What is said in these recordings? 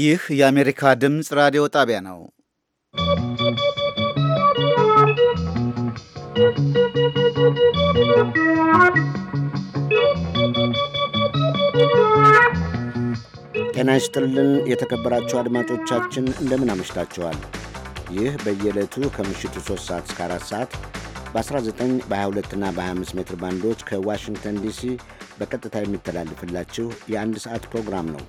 ይህ የአሜሪካ ድምፅ ራዲዮ ጣቢያ ነው። ጤና ይስጥልን የተከበራችሁ አድማጮቻችን እንደምን አመሽታችኋል። ይህ በየዕለቱ ከምሽቱ 3 ሰዓት እስከ 4 ሰዓት በ19 በ22 እና በ25 ሜትር ባንዶች ከዋሽንግተን ዲሲ በቀጥታ የሚተላልፍላችሁ የአንድ ሰዓት ፕሮግራም ነው።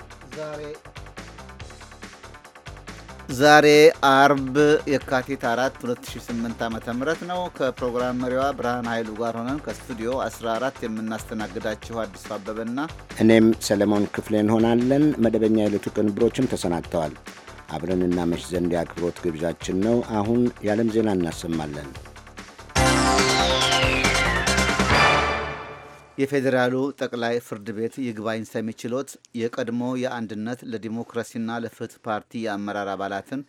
ዛሬ አርብ የካቲት 4 2008 ዓ.ም ነው። ከፕሮግራም መሪዋ ብርሃን ኃይሉ ጋር ሆነን ከስቱዲዮ 14 የምናስተናግዳችሁ አዲሱ አበበና እኔም ሰለሞን ክፍሌ እንሆናለን። መደበኛ የዕለቱ ቅንብሮችም ተሰናድተዋል። አብረን እናመሽ ዘንድ የአክብሮት ግብዣችን ነው። አሁን የዓለም ዜና እናሰማለን። የፌዴራሉ ጠቅላይ ፍርድ ቤት ይግባኝ ሰሚ ችሎት የቀድሞ የአንድነት ለዲሞክራሲና ለፍትህ ፓርቲ የአመራር አባላትን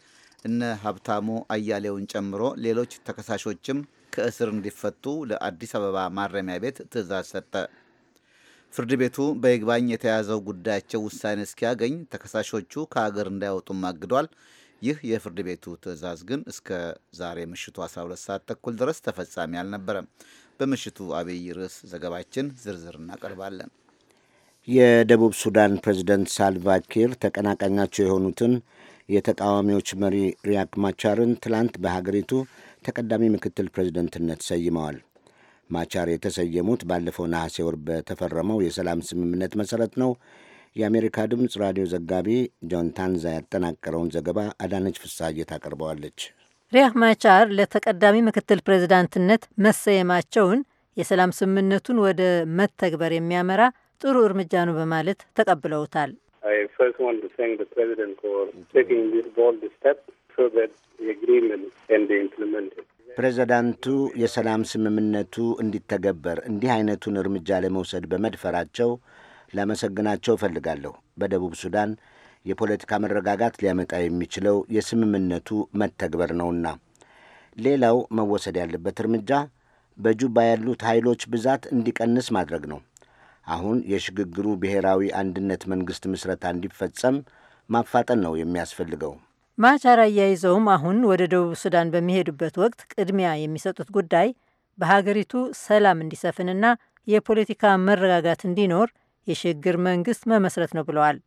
እነ ሀብታሙ አያሌውን ጨምሮ ሌሎች ተከሳሾችም ከእስር እንዲፈቱ ለአዲስ አበባ ማረሚያ ቤት ትዕዛዝ ሰጠ። ፍርድ ቤቱ በይግባኝ የተያዘው ጉዳያቸው ውሳኔ እስኪያገኝ ተከሳሾቹ ከሀገር እንዳይወጡም አግዷል። ይህ የፍርድ ቤቱ ትዕዛዝ ግን እስከ ዛሬ ምሽቱ 12 ሰዓት ተኩል ድረስ ተፈጻሚ አልነበረም። በምሽቱ አብይ ርዕስ ዘገባችን ዝርዝር እናቀርባለን። የደቡብ ሱዳን ፕሬዚደንት ሳልቫኪር ተቀናቃኛቸው የሆኑትን የተቃዋሚዎች መሪ ሪያክ ማቻርን ትላንት በሀገሪቱ ተቀዳሚ ምክትል ፕሬዚደንትነት ሰይመዋል። ማቻር የተሰየሙት ባለፈው ነሐሴ ወር በተፈረመው የሰላም ስምምነት መሠረት ነው። የአሜሪካ ድምፅ ራዲዮ ዘጋቢ ጆን ታንዛ ያጠናቀረውን ዘገባ አዳነች ፍሳሐ ታቀርበዋለች። ሪያክ ማቻር ለተቀዳሚ ምክትል ፕሬዚዳንትነት መሰየማቸውን የሰላም ስምምነቱን ወደ መተግበር የሚያመራ ጥሩ እርምጃ ነው በማለት ተቀብለውታል። ፕሬዚዳንቱ የሰላም ስምምነቱ እንዲተገበር እንዲህ አይነቱን እርምጃ ለመውሰድ በመድፈራቸው ላመሰግናቸው እፈልጋለሁ። በደቡብ ሱዳን የፖለቲካ መረጋጋት ሊያመጣ የሚችለው የስምምነቱ መተግበር ነውና። ሌላው መወሰድ ያለበት እርምጃ በጁባ ያሉት ኃይሎች ብዛት እንዲቀንስ ማድረግ ነው። አሁን የሽግግሩ ብሔራዊ አንድነት መንግሥት ምስረታ እንዲፈጸም ማፋጠን ነው የሚያስፈልገው። ማቻር አያይዘውም አሁን ወደ ደቡብ ሱዳን በሚሄዱበት ወቅት ቅድሚያ የሚሰጡት ጉዳይ በሀገሪቱ ሰላም እንዲሰፍንና የፖለቲካ መረጋጋት እንዲኖር የሽግግር መንግሥት መመስረት ነው ብለዋል።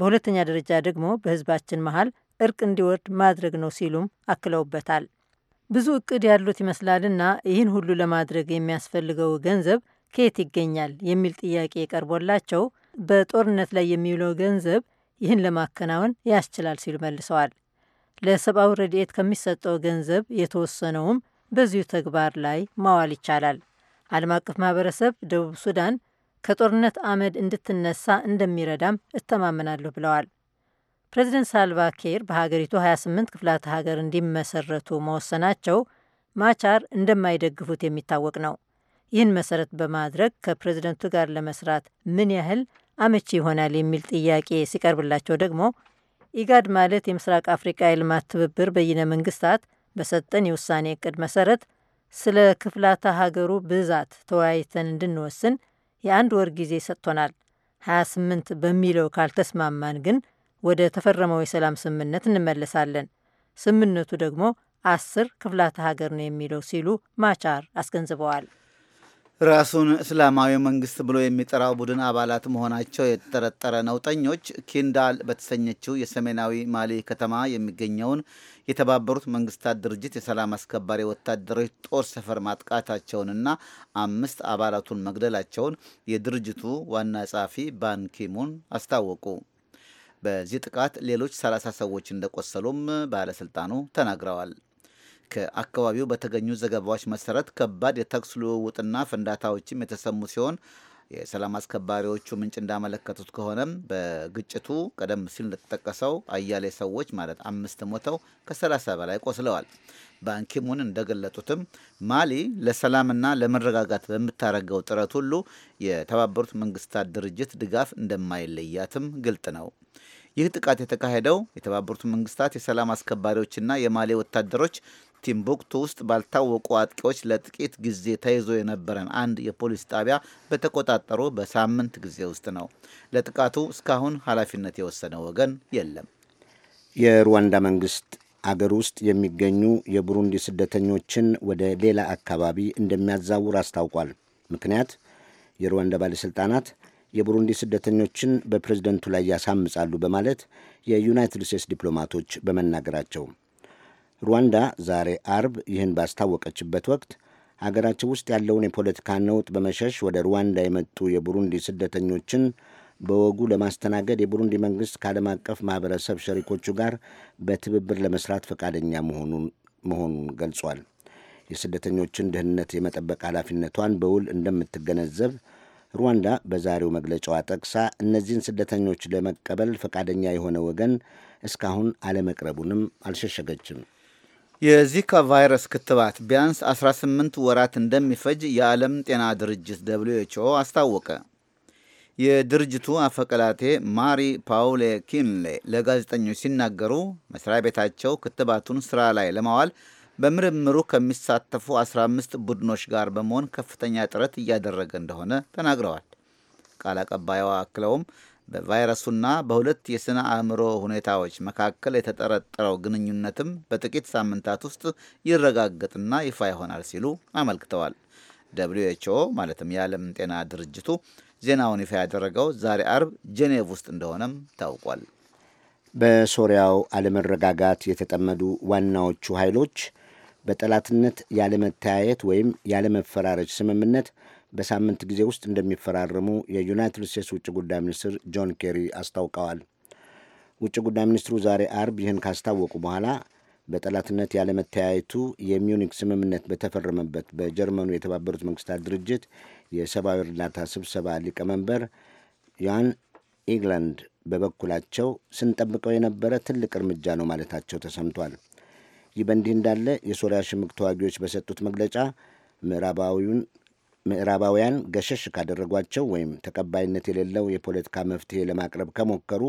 በሁለተኛ ደረጃ ደግሞ በህዝባችን መሀል እርቅ እንዲወርድ ማድረግ ነው ሲሉም አክለውበታል። ብዙ እቅድ ያሉት ይመስላልና ይህን ሁሉ ለማድረግ የሚያስፈልገው ገንዘብ ከየት ይገኛል የሚል ጥያቄ ቀርቦላቸው በጦርነት ላይ የሚውለው ገንዘብ ይህን ለማከናወን ያስችላል ሲሉ መልሰዋል። ለሰብአዊ ረድኤት ከሚሰጠው ገንዘብ የተወሰነውም በዚሁ ተግባር ላይ ማዋል ይቻላል። ዓለም አቀፍ ማህበረሰብ ደቡብ ሱዳን ከጦርነት አመድ እንድትነሳ እንደሚረዳም እተማመናለሁ ብለዋል። ፕሬዚደንት ሳልቫ ኪር በሀገሪቱ 28 ክፍላተ ሀገር እንዲመሰረቱ መወሰናቸው ማቻር እንደማይደግፉት የሚታወቅ ነው። ይህን መሰረት በማድረግ ከፕሬዚደንቱ ጋር ለመስራት ምን ያህል አመቺ ይሆናል የሚል ጥያቄ ሲቀርብላቸው ደግሞ ኢጋድ ማለት የምስራቅ አፍሪቃ የልማት ትብብር በይነ መንግስታት በሰጠን የውሳኔ እቅድ መሰረት ስለ ክፍላተ ሀገሩ ብዛት ተወያይተን እንድንወስን የአንድ ወር ጊዜ ሰጥቶናል። 28 በሚለው ካልተስማማን ግን ወደ ተፈረመው የሰላም ስምምነት እንመለሳለን። ስምምነቱ ደግሞ አስር ክፍላተ ሀገር ነው የሚለው ሲሉ ማቻር አስገንዝበዋል። ራሱን እስላማዊ መንግስት ብሎ የሚጠራው ቡድን አባላት መሆናቸው የተጠረጠረ ነውጠኞች ኪንዳል በተሰኘችው የሰሜናዊ ማሊ ከተማ የሚገኘውን የተባበሩት መንግስታት ድርጅት የሰላም አስከባሪ ወታደሮች ጦር ሰፈር ማጥቃታቸውንና አምስት አባላቱን መግደላቸውን የድርጅቱ ዋና ጸሐፊ ባንኪሙን አስታወቁ። በዚህ ጥቃት ሌሎች 30 ሰዎች እንደቆሰሉም ባለስልጣኑ ተናግረዋል። ከአካባቢው በተገኙ ዘገባዎች መሰረት ከባድ የተኩስ ልውውጥና ፍንዳታዎችም የተሰሙ ሲሆን የሰላም አስከባሪዎቹ ምንጭ እንዳመለከቱት ከሆነም በግጭቱ ቀደም ሲል እንደተጠቀሰው አያሌ ሰዎች ማለት አምስት ሞተው ከሰላሳ በላይ ቆስለዋል። ባንኪሙን እንደገለጡትም ማሊ ለሰላምና ለመረጋጋት በምታደርገው ጥረት ሁሉ የተባበሩት መንግስታት ድርጅት ድጋፍ እንደማይለያትም ግልጥ ነው። ይህ ጥቃት የተካሄደው የተባበሩት መንግስታት የሰላም አስከባሪዎችና የማሌ ወታደሮች ቲምቡክቱ ውስጥ ባልታወቁ አጥቂዎች ለጥቂት ጊዜ ተይዞ የነበረን አንድ የፖሊስ ጣቢያ በተቆጣጠሩ በሳምንት ጊዜ ውስጥ ነው። ለጥቃቱ እስካሁን ኃላፊነት የወሰነ ወገን የለም። የሩዋንዳ መንግስት አገር ውስጥ የሚገኙ የቡሩንዲ ስደተኞችን ወደ ሌላ አካባቢ እንደሚያዛውር አስታውቋል። ምክንያት የሩዋንዳ ባለሥልጣናት የቡሩንዲ ስደተኞችን በፕሬዝደንቱ ላይ ያሳምጻሉ በማለት የዩናይትድ ስቴትስ ዲፕሎማቶች በመናገራቸው ሩዋንዳ ዛሬ አርብ ይህን ባስታወቀችበት ወቅት ሀገራችን ውስጥ ያለውን የፖለቲካ ነውጥ በመሸሽ ወደ ሩዋንዳ የመጡ የቡሩንዲ ስደተኞችን በወጉ ለማስተናገድ የቡሩንዲ መንግስት ከዓለም አቀፍ ማኅበረሰብ ሸሪኮቹ ጋር በትብብር ለመስራት ፈቃደኛ መሆኑን ገልጿል። የስደተኞችን ደህንነት የመጠበቅ ኃላፊነቷን በውል እንደምትገነዘብ ሩዋንዳ በዛሬው መግለጫዋ ጠቅሳ እነዚህን ስደተኞች ለመቀበል ፈቃደኛ የሆነ ወገን እስካሁን አለመቅረቡንም አልሸሸገችም። የዚካ ቫይረስ ክትባት ቢያንስ 18 ወራት እንደሚፈጅ የዓለም ጤና ድርጅት ደብልዩ ኤች ኦ አስታወቀ። የድርጅቱ አፈቀላቴ ማሪ ፓውሌ ኪንሌ ለጋዜጠኞች ሲናገሩ መስሪያ ቤታቸው ክትባቱን ስራ ላይ ለማዋል በምርምሩ ከሚሳተፉ 15 ቡድኖች ጋር በመሆን ከፍተኛ ጥረት እያደረገ እንደሆነ ተናግረዋል። ቃል አቀባይዋ አክለውም በቫይረሱና በሁለት የሥነ አእምሮ ሁኔታዎች መካከል የተጠረጠረው ግንኙነትም በጥቂት ሳምንታት ውስጥ ይረጋገጥና ይፋ ይሆናል ሲሉ አመልክተዋል። ደብሊው ኤች ኦ ማለትም የዓለም ጤና ድርጅቱ ዜናውን ይፋ ያደረገው ዛሬ አርብ ጄኔቭ ውስጥ እንደሆነም ታውቋል። በሶሪያው አለመረጋጋት የተጠመዱ ዋናዎቹ ኃይሎች በጠላትነት ያለመተያየት ወይም ያለመፈራረጅ ስምምነት በሳምንት ጊዜ ውስጥ እንደሚፈራረሙ የዩናይትድ ስቴትስ ውጭ ጉዳይ ሚኒስትር ጆን ኬሪ አስታውቀዋል። ውጭ ጉዳይ ሚኒስትሩ ዛሬ አርብ ይህን ካስታወቁ በኋላ በጠላትነት ያለመተያየቱ የሚዩኒክ ስምምነት በተፈረመበት በጀርመኑ የተባበሩት መንግስታት ድርጅት የሰብአዊ እርዳታ ስብሰባ ሊቀመንበር ያን ኢግላንድ በበኩላቸው ስንጠብቀው የነበረ ትልቅ እርምጃ ነው ማለታቸው ተሰምቷል። ይህ በእንዲህ እንዳለ የሶሪያ ሽምቅ ተዋጊዎች በሰጡት መግለጫ ምዕራባዊውን ምዕራባውያን ገሸሽ ካደረጓቸው ወይም ተቀባይነት የሌለው የፖለቲካ መፍትሄ ለማቅረብ ከሞከሩ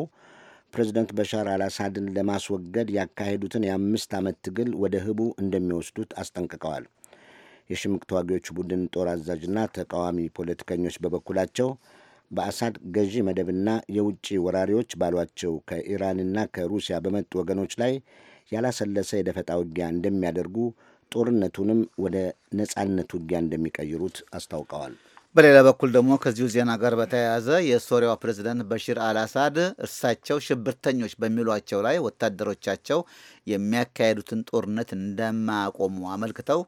ፕሬዚደንት በሻር አልአሳድን ለማስወገድ ያካሄዱትን የአምስት ዓመት ትግል ወደ ህቡ እንደሚወስዱት አስጠንቅቀዋል። የሽምቅ ተዋጊዎቹ ቡድን ጦር አዛዥና ተቃዋሚ ፖለቲከኞች በበኩላቸው በአሳድ ገዢ መደብና የውጭ ወራሪዎች ባሏቸው ከኢራንና ከሩሲያ በመጡ ወገኖች ላይ ያላሰለሰ የደፈጣ ውጊያ እንደሚያደርጉ ጦርነቱንም ወደ ነጻነት ውጊያ እንደሚቀይሩት አስታውቀዋል። በሌላ በኩል ደግሞ ከዚሁ ዜና ጋር በተያያዘ የሶሪያው ፕሬዚደንት በሽር አልአሳድ እርሳቸው ሽብርተኞች በሚሏቸው ላይ ወታደሮቻቸው የሚያካሄዱትን ጦርነት እንደማያቆሙ አመልክተው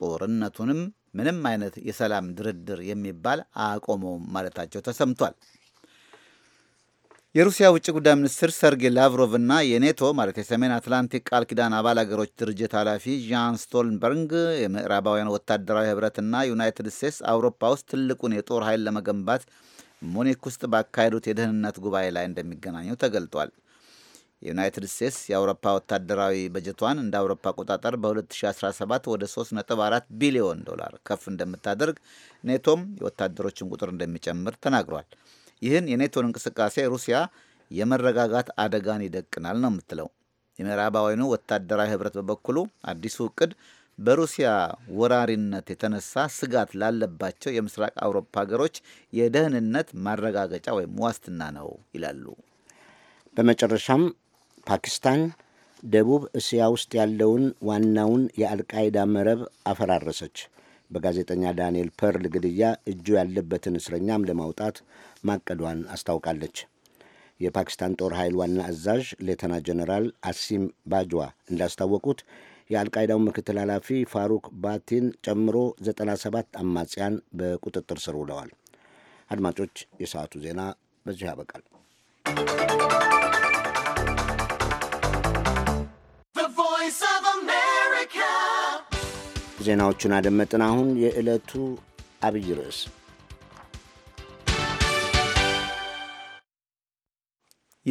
ጦርነቱንም ምንም አይነት የሰላም ድርድር የሚባል አያቆመውም ማለታቸው ተሰምቷል። የሩሲያ ውጭ ጉዳይ ሚኒስትር ሰርጌይ ላቭሮቭ እና የኔቶ ማለት የሰሜን አትላንቲክ ቃል ኪዳን አባል አገሮች ድርጅት ኃላፊ ዣን ስቶልንበርግ የምዕራባውያን ወታደራዊ ህብረትና ዩናይትድ ስቴትስ አውሮፓ ውስጥ ትልቁን የጦር ኃይል ለመገንባት ሙኒክ ውስጥ ባካሄዱት የደህንነት ጉባኤ ላይ እንደሚገናኙ ተገልጧል። የዩናይትድ ስቴትስ የአውሮፓ ወታደራዊ በጀቷን እንደ አውሮፓ አቆጣጠር በ2017 ወደ 3.4 ቢሊዮን ዶላር ከፍ እንደምታደርግ ኔቶም የወታደሮችን ቁጥር እንደሚጨምር ተናግሯል። ይህን የኔቶን እንቅስቃሴ ሩሲያ የመረጋጋት አደጋን ይደቅናል ነው የምትለው። የምዕራባዊኑ ወታደራዊ ህብረት በበኩሉ አዲሱ እቅድ በሩሲያ ወራሪነት የተነሳ ስጋት ላለባቸው የምስራቅ አውሮፓ ሀገሮች የደህንነት ማረጋገጫ ወይም ዋስትና ነው ይላሉ። በመጨረሻም ፓኪስታን ደቡብ እስያ ውስጥ ያለውን ዋናውን የአልቃይዳ መረብ አፈራረሰች። በጋዜጠኛ ዳንኤል ፐርል ግድያ እጁ ያለበትን እስረኛም ለማውጣት ማቀዷን አስታውቃለች። የፓኪስታን ጦር ኃይል ዋና አዛዥ ሌተና ጀነራል አሲም ባጅዋ እንዳስታወቁት የአልቃይዳው ምክትል ኃላፊ ፋሩክ ባቲን ጨምሮ 97 አማጽያን በቁጥጥር ስር ውለዋል። አድማጮች፣ የሰዓቱ ዜና በዚህ ያበቃል። ዜናዎቹን አደመጥን። አሁን የዕለቱ አብይ ርዕስ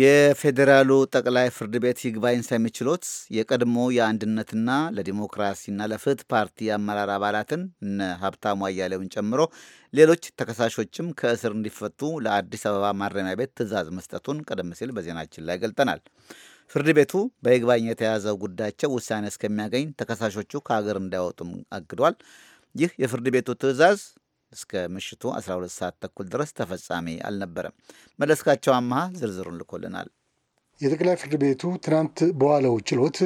የፌዴራሉ ጠቅላይ ፍርድ ቤት ይግባኝ ሰሚ ችሎት የቀድሞ የአንድነትና ለዲሞክራሲና ለፍትህ ፓርቲ አመራር አባላትን እነ ሀብታሙ አያሌውን ጨምሮ ሌሎች ተከሳሾችም ከእስር እንዲፈቱ ለአዲስ አበባ ማረሚያ ቤት ትዕዛዝ መስጠቱን ቀደም ሲል በዜናችን ላይ ገልጠናል። ፍርድ ቤቱ በይግባኝ የተያዘው ጉዳያቸው ውሳኔ እስከሚያገኝ ተከሳሾቹ ከሀገር እንዳይወጡም አግዷል። ይህ የፍርድ ቤቱ ትዕዛዝ እስከ ምሽቱ 12 ሰዓት ተኩል ድረስ ተፈጻሚ አልነበረም። መለስካቸው አመሃ ዝርዝሩን ልኮልናል። የጠቅላይ ፍርድ ቤቱ ትናንት በዋለው ችሎት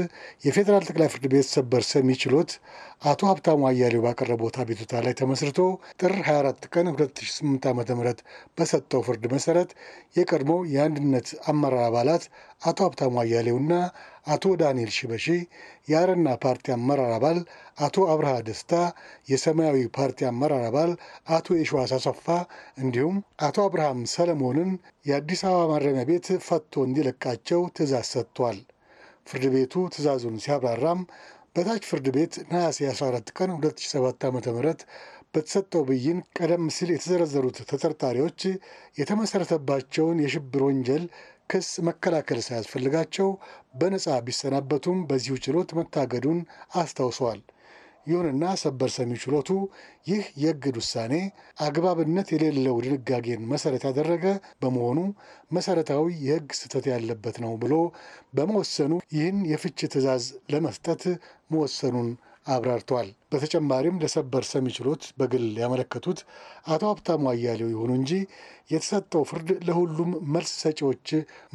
የፌዴራል ጠቅላይ ፍርድ ቤት ሰበር ሰሚ ችሎት አቶ ሀብታሙ አያሌው ባቀረቡት አቤቱታ ላይ ተመስርቶ ጥር 24 ቀን 2008 ዓ ም በሰጠው ፍርድ መሰረት የቀድሞ የአንድነት አመራር አባላት አቶ ሀብታሙ አያሌውና አቶ ዳንኤል ሽበሺ፣ የአረና ፓርቲ አመራር አባል አቶ አብርሃ ደስታ፣ የሰማያዊ ፓርቲ አመራር አባል አቶ የሸዋስ አሰፋ እንዲሁም አቶ አብርሃም ሰለሞንን የአዲስ አበባ ማረሚያ ቤት ፈቶ እንዲለቃቸው ትእዛዝ ሰጥቷል። ፍርድ ቤቱ ትእዛዙን ሲያብራራም በታች ፍርድ ቤት ነሐሴ 14 ቀን 2007 ዓ.ም በተሰጠው ብይን ቀደም ሲል የተዘረዘሩት ተጠርጣሪዎች የተመሠረተባቸውን የሽብር ወንጀል ክስ መከላከል ሳያስፈልጋቸው በነጻ ቢሰናበቱም በዚሁ ችሎት መታገዱን አስታውሰዋል። ይሁንና ሰበር ሰሚ ችሎቱ ይህ የእግድ ውሳኔ አግባብነት የሌለው ድንጋጌን መሰረት ያደረገ በመሆኑ መሰረታዊ የሕግ ስህተት ያለበት ነው ብሎ በመወሰኑ ይህን የፍች ትዕዛዝ ለመስጠት መወሰኑን አብራርተዋል። በተጨማሪም ለሰበር ሰሚ ችሎት በግል ያመለከቱት አቶ ሀብታሙ አያሌው ይሁኑ እንጂ የተሰጠው ፍርድ ለሁሉም መልስ ሰጪዎች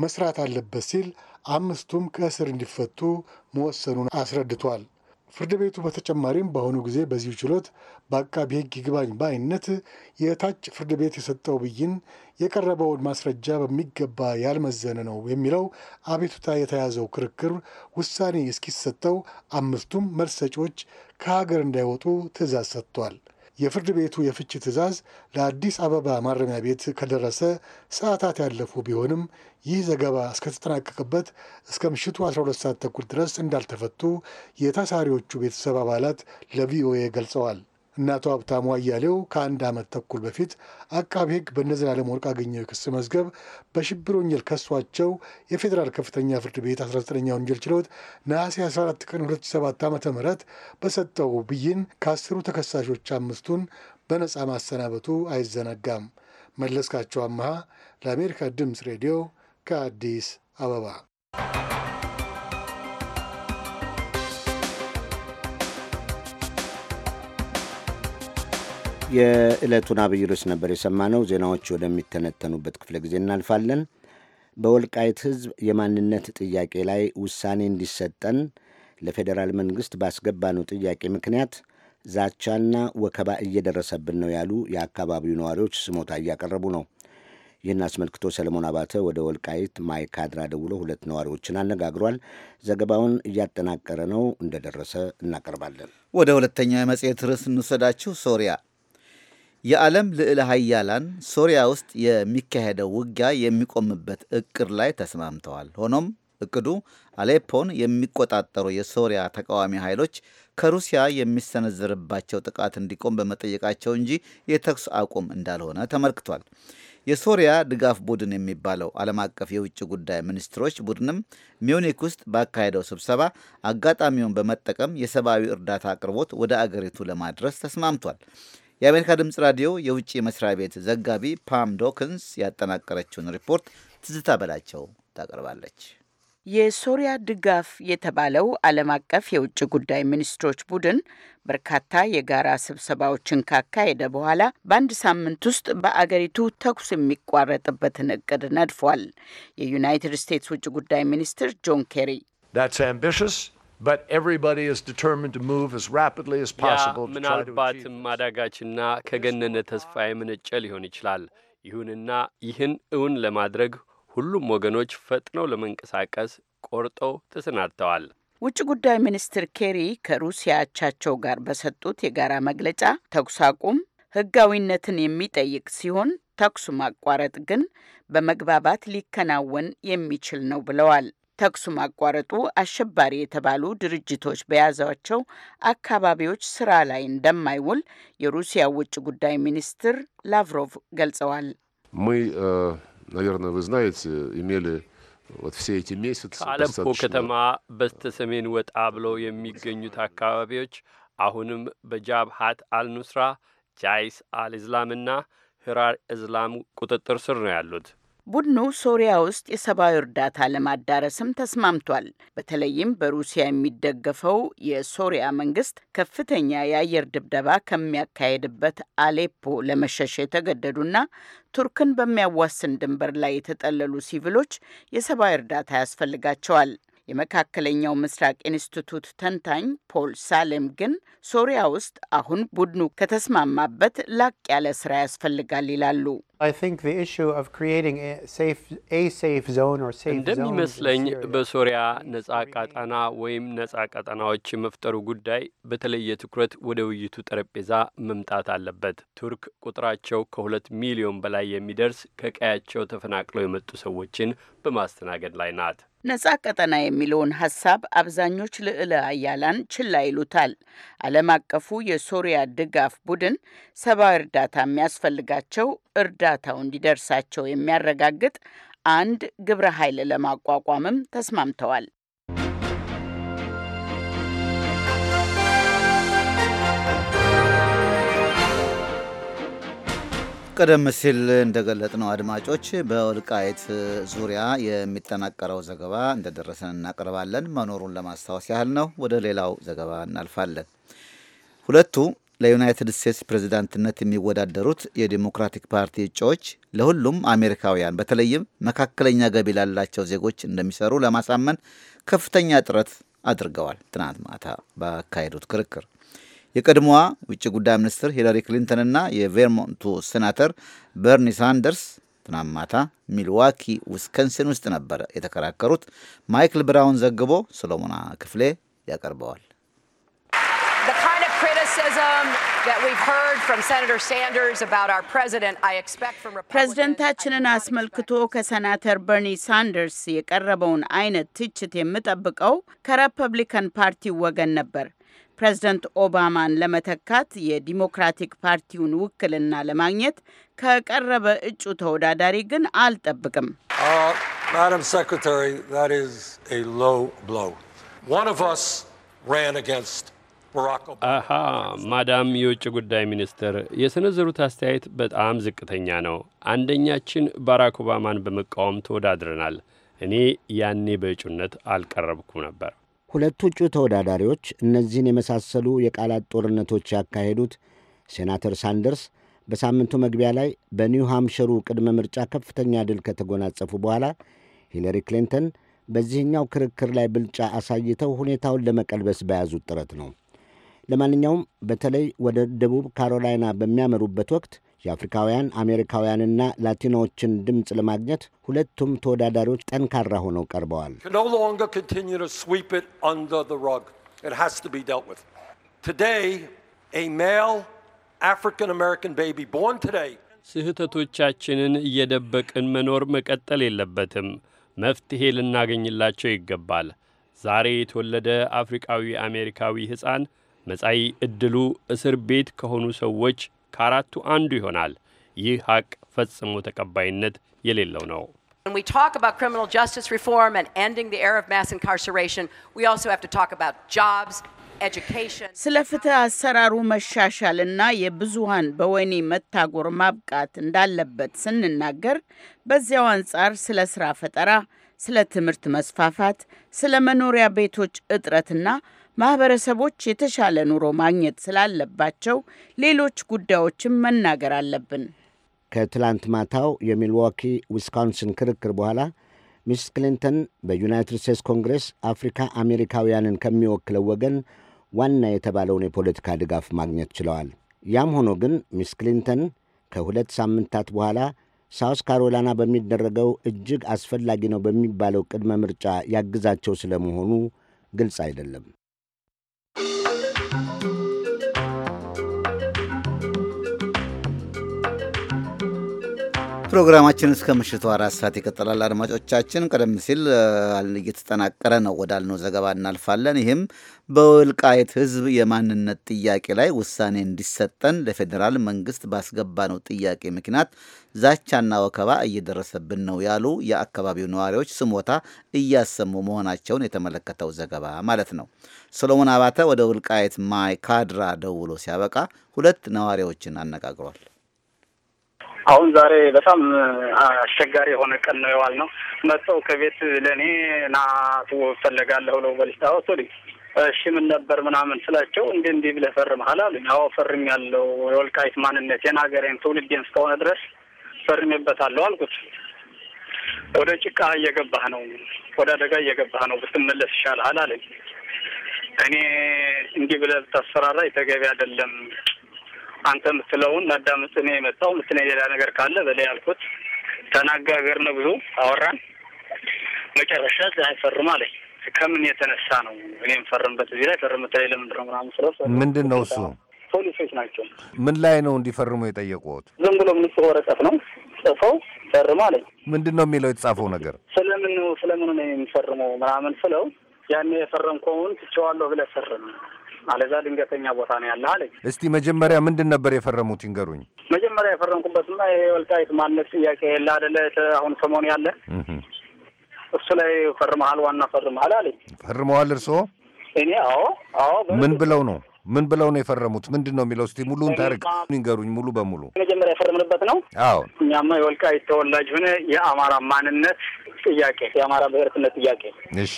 መስራት አለበት ሲል አምስቱም ከእስር እንዲፈቱ መወሰኑን አስረድቷል። ፍርድ ቤቱ በተጨማሪም በአሁኑ ጊዜ በዚሁ ችሎት በአቃቢ ሕግ ይግባኝ ባይነት የታች ፍርድ ቤት የሰጠው ብይን የቀረበውን ማስረጃ በሚገባ ያልመዘነ ነው የሚለው አቤቱታ የተያዘው ክርክር ውሳኔ እስኪሰጠው አምስቱም መልስ ሰጪዎች ከሀገር እንዳይወጡ ትእዛዝ ሰጥቷል። የፍርድ ቤቱ የፍች ትዕዛዝ ለአዲስ አበባ ማረሚያ ቤት ከደረሰ ሰዓታት ያለፉ ቢሆንም ይህ ዘገባ እስከተጠናቀቀበት እስከ ምሽቱ 12 ሰዓት ተኩል ድረስ እንዳልተፈቱ የታሳሪዎቹ ቤተሰብ አባላት ለቪኦኤ ገልጸዋል። እነ አቶ ሀብታሙ አያሌው ከአንድ ዓመት ተኩል በፊት አቃቢ ሕግ በእነ ዘላለም አገኘው የክስ መዝገብ በሽብር ወንጀል ከሷቸው የፌዴራል ከፍተኛ ፍርድ ቤት 19ኛ ወንጀል ችሎት ነሐሴ 14 ቀን 2007 ዓ ም በሰጠው ብይን ከአስሩ ተከሳሾች አምስቱን በነፃ ማሰናበቱ አይዘነጋም። መለስካቸው አመሃ ለአሜሪካ ድምፅ ሬዲዮ ከአዲስ አበባ የዕለቱን አብይ ርዕስ ነበር የሰማነው። ዜናዎች ወደሚተነተኑበት ክፍለ ጊዜ እናልፋለን። በወልቃይት ሕዝብ የማንነት ጥያቄ ላይ ውሳኔ እንዲሰጠን ለፌዴራል መንግሥት ባስገባነው ጥያቄ ምክንያት ዛቻና ወከባ እየደረሰብን ነው ያሉ የአካባቢው ነዋሪዎች ስሞታ እያቀረቡ ነው። ይህን አስመልክቶ ሰለሞን አባተ ወደ ወልቃይት ማይካድራ ደውሎ ሁለት ነዋሪዎችን አነጋግሯል። ዘገባውን እያጠናቀረ ነው፣ እንደደረሰ እናቀርባለን። ወደ ሁለተኛው የመጽሔት ርዕስ እንውሰዳችሁ። ሶሪያ የዓለም ልዕለ ሀያላን ሶሪያ ውስጥ የሚካሄደው ውጊያ የሚቆምበት እቅድ ላይ ተስማምተዋል። ሆኖም እቅዱ አሌፖን የሚቆጣጠሩ የሶሪያ ተቃዋሚ ኃይሎች ከሩሲያ የሚሰነዘርባቸው ጥቃት እንዲቆም በመጠየቃቸው እንጂ የተኩስ አቁም እንዳልሆነ ተመልክቷል። የሶሪያ ድጋፍ ቡድን የሚባለው ዓለም አቀፍ የውጭ ጉዳይ ሚኒስትሮች ቡድንም ሚውኒክ ውስጥ ባካሄደው ስብሰባ አጋጣሚውን በመጠቀም የሰብአዊ እርዳታ አቅርቦት ወደ አገሪቱ ለማድረስ ተስማምቷል። የአሜሪካ ድምፅ ራዲዮ የውጭ መስሪያ ቤት ዘጋቢ ፓም ዶክንስ ያጠናቀረችውን ሪፖርት ትዝታ በላቸው ታቀርባለች። የሶሪያ ድጋፍ የተባለው ዓለም አቀፍ የውጭ ጉዳይ ሚኒስትሮች ቡድን በርካታ የጋራ ስብሰባዎችን ካካሄደ በኋላ በአንድ ሳምንት ውስጥ በአገሪቱ ተኩስ የሚቋረጥበትን እቅድ ነድፏል። የዩናይትድ ስቴትስ ውጭ ጉዳይ ሚኒስትር ጆን ኬሪ but everybody is determined to move as rapidly as possible to try to achieve ማዳጋችና ከገነነ ተስፋ የመነጨ ሊሆን ይችላል። ይሁንና ይህን እውን ለማድረግ ሁሉም ወገኖች ፈጥነው ለመንቀሳቀስ ቆርጠው ተሰናድተዋል። ውጭ ጉዳይ ሚኒስትር ኬሪ ከሩሲያ አቻቸው ጋር በሰጡት የጋራ መግለጫ ተኩስ አቁም ሕጋዊነትን የሚጠይቅ ሲሆን ተኩስ ማቋረጥ ግን በመግባባት ሊከናወን የሚችል ነው ብለዋል። ተኩሱ ማቋረጡ አሸባሪ የተባሉ ድርጅቶች በያዟቸው አካባቢዎች ስራ ላይ እንደማይውል የሩሲያ ውጭ ጉዳይ ሚኒስትር ላቭሮቭ ገልጸዋል። э, ከአለፖ ከተማ በስተ ሰሜን ወጣ ብለው የሚገኙት አካባቢዎች አሁንም በጃብሃት አልኑስራ፣ ጃይስ አልእዝላምና ህራር እዝላም ቁጥጥር ስር ነው ያሉት። ቡድኑ ሶሪያ ውስጥ የሰብአዊ እርዳታ ለማዳረስም ተስማምቷል። በተለይም በሩሲያ የሚደገፈው የሶሪያ መንግስት ከፍተኛ የአየር ድብደባ ከሚያካሄድበት አሌፖ ለመሸሽ የተገደዱና ቱርክን በሚያዋስን ድንበር ላይ የተጠለሉ ሲቪሎች የሰብአዊ እርዳታ ያስፈልጋቸዋል። የመካከለኛው ምስራቅ ኢንስቲቱት ተንታኝ ፖል ሳሌም ግን ሶሪያ ውስጥ አሁን ቡድኑ ከተስማማበት ላቅ ያለ ስራ ያስፈልጋል ይላሉ። እንደሚመስለኝ በሶሪያ ነጻ ቀጠና ወይም ነጻ ቀጠናዎች የመፍጠሩ ጉዳይ በተለየ ትኩረት ወደ ውይይቱ ጠረጴዛ መምጣት አለበት። ቱርክ ቁጥራቸው ከሁለት ሚሊዮን በላይ የሚደርስ ከቀያቸው ተፈናቅለው የመጡ ሰዎችን በማስተናገድ ላይ ናት። ነጻ ቀጠና የሚለውን ሀሳብ አብዛኞች ልዕለ አያላን ችላ ይሉታል። ዓለም አቀፉ የሶሪያ ድጋፍ ቡድን ሰብአዊ እርዳታ የሚያስፈልጋቸው እርዳ እርዳታው እንዲደርሳቸው የሚያረጋግጥ አንድ ግብረ ኃይል ለማቋቋምም ተስማምተዋል። ቀደም ሲል ነው አድማጮች በወልቃይት ዙሪያ የሚጠናቀረው ዘገባ እንደደረሰን እናቀርባለን። መኖሩን ለማስታወስ ያህል ነው። ወደ ሌላው ዘገባ እናልፋለን። ሁለቱ ለዩናይትድ ስቴትስ ፕሬዚዳንትነት የሚወዳደሩት የዲሞክራቲክ ፓርቲ እጩዎች ለሁሉም አሜሪካውያን በተለይም መካከለኛ ገቢ ላላቸው ዜጎች እንደሚሰሩ ለማሳመን ከፍተኛ ጥረት አድርገዋል። ትናንት ማታ ባካሄዱት ክርክር የቀድሞዋ ውጭ ጉዳይ ሚኒስትር ሂላሪ ክሊንተንና የቬርሞንቱ ሴናተር በርኒ ሳንደርስ ትናንት ማታ ሚልዋኪ ዊስከንሲን ውስጥ ነበረ የተከራከሩት። ማይክል ብራውን ዘግቦ ሰሎሞና ክፍሌ ያቀርበዋል። criticism that we've heard from Senator Sanders about our president, I expect from ፕሬዝደንታችንን አስመልክቶ ከሰናተር በርኒ ሳንደርስ የቀረበውን አይነት ትችት የምጠብቀው ከሪፐብሊካን ፓርቲ ወገን ነበር። ፕሬዝደንት ኦባማን ለመተካት የዲሞክራቲክ ፓርቲውን ውክልና ለማግኘት ከቀረበ እጩ ተወዳዳሪ ግን አልጠብቅም። ማዳም uh, ሴክሬታሪ አሃ ማዳም የውጭ ጉዳይ ሚኒስትር የሰነዘሩት አስተያየት በጣም ዝቅተኛ ነው። አንደኛችን ባራክ ኦባማን በመቃወም ተወዳድረናል። እኔ ያኔ በእጩነት አልቀረብኩም ነበር። ሁለቱ እጩ ተወዳዳሪዎች እነዚህን የመሳሰሉ የቃላት ጦርነቶች ያካሄዱት ሴናተር ሳንደርስ በሳምንቱ መግቢያ ላይ በኒው ሃምሽሩ ቅድመ ምርጫ ከፍተኛ ድል ከተጎናጸፉ በኋላ ሂለሪ ክሊንተን በዚህኛው ክርክር ላይ ብልጫ አሳይተው ሁኔታውን ለመቀልበስ በያዙት ጥረት ነው። ለማንኛውም በተለይ ወደ ደቡብ ካሮላይና በሚያመሩበት ወቅት የአፍሪካውያን አሜሪካውያንና ላቲኖዎችን ድምፅ ለማግኘት ሁለቱም ተወዳዳሪዎች ጠንካራ ሆነው ቀርበዋል። ስህተቶቻችንን እየደበቅን መኖር መቀጠል የለበትም። መፍትሔ ልናገኝላቸው ይገባል። ዛሬ የተወለደ አፍሪካዊ አሜሪካዊ ሕፃን መጻኢ ዕድሉ እስር ቤት ከሆኑ ሰዎች ከአራቱ አንዱ ይሆናል። ይህ ሀቅ ፈጽሞ ተቀባይነት የሌለው ነው። ስለ ፍትህ አሰራሩ መሻሻልና የብዙሀን በወኔ መታጎር ማብቃት እንዳለበት ስንናገር በዚያው አንጻር ስለ ስራ ፈጠራ፣ ስለ ትምህርት መስፋፋት፣ ስለ መኖሪያ ቤቶች እጥረትና ማህበረሰቦች የተሻለ ኑሮ ማግኘት ስላለባቸው ሌሎች ጉዳዮችም መናገር አለብን። ከትላንት ማታው የሚልዋኪ ዊስኮንሲን ክርክር በኋላ ሚስ ክሊንተን በዩናይትድ ስቴትስ ኮንግሬስ አፍሪካ አሜሪካውያንን ከሚወክለው ወገን ዋና የተባለውን የፖለቲካ ድጋፍ ማግኘት ችለዋል። ያም ሆኖ ግን ሚስ ክሊንተን ከሁለት ሳምንታት በኋላ ሳውስ ካሮላይና በሚደረገው እጅግ አስፈላጊ ነው በሚባለው ቅድመ ምርጫ ያግዛቸው ስለመሆኑ ግልጽ አይደለም። ፕሮግራማችን እስከ ምሽቱ አራት ሰዓት ይቀጥላል። አድማጮቻችን፣ ቀደም ሲል እየተጠናቀረ ነው ወዳልነው ዘገባ እናልፋለን። ይህም በወልቃየት ሕዝብ የማንነት ጥያቄ ላይ ውሳኔ እንዲሰጠን ለፌዴራል መንግስት ባስገባነው ጥያቄ ምክንያት ዛቻና ወከባ እየደረሰብን ነው ያሉ የአካባቢው ነዋሪዎች ስሞታ እያሰሙ መሆናቸውን የተመለከተው ዘገባ ማለት ነው። ሰሎሞን አባተ ወደ ውልቃየት ማይ ካድራ ደውሎ ሲያበቃ ሁለት ነዋሪዎችን አነጋግሯል። አሁን ዛሬ በጣም አስቸጋሪ የሆነ ቀን ነው የዋል ነው። መጥተው ከቤት ለእኔ ና ፈለጋለሁ ለው በሊስታ ወሰዱኝ። እሺ ምን ነበር ምናምን ስላቸው እንዲ እንዲህ ብለህ ፈርመሃል አሉ። አዎ ፈርም ያለው የወልቃይት ማንነቴን ሀገሬን ትውልዴን እስከሆነ ድረስ ፈርሜበታለሁ አልኩት። ወደ ጭቃ እየገባህ ነው፣ ወደ አደጋ እየገባህ ነው፣ ብትመለስ ይሻልሃል አለኝ። እኔ እንዲህ ብለህ ብታስፈራራኝ ተገቢ አይደለም አንተ የምትለውን አዳምጥ ነው የመጣው። ምስነ ሌላ ነገር ካለ በላይ አልኩት። ነው ብዙ አወራን። መጨረሻ ፀሐይ ፈርም አለኝ። ከምን የተነሳ ነው እኔ የምፈርምበት እዚህ ላይ ፈርም ላይ ለምንድን ነው ምናምን ስለው ምንድን ነው እሱ ፖሊሶች ናቸው። ምን ላይ ነው እንዲፈርሙ የጠየቁት? ዝም ብሎ ምንስ ወረቀት ነው ጽፈው ፈርም አለኝ። ምንድን ነው የሚለው የተጻፈው ነገር? ስለምን ስለምን ነው የሚፈርመው ምናምን ስለው ያኔ የፈረምከውን ትቼዋለሁ ብለህ ፈርም አለዛ ድንገተኛ ቦታ ነው ያለ አለኝ። እስቲ መጀመሪያ ምንድን ነበር የፈረሙት ይንገሩኝ። መጀመሪያ የፈረምኩበትና ይሄ ወልቃይት ማንነት ጥያቄ የለ አደለ አሁን ሰሞኑ ያለ እሱ ላይ ፈርመሃል፣ ዋና ፈርመሃል አለኝ። ፈርመዋል እርስዎ? እኔ አዎ አዎ። ምን ብለው ነው ምን ብለው ነው የፈረሙት? ምንድን ነው የሚለው? እስቲ ሙሉን ታሪክ ይንገሩኝ፣ ሙሉ በሙሉ መጀመሪያ የፈረምንበት ነው። አዎ እኛማ የወልቃይት ተወላጅ ሆነ የአማራ ማንነት ጥያቄ፣ የአማራ ብሔርትነት ጥያቄ። እሺ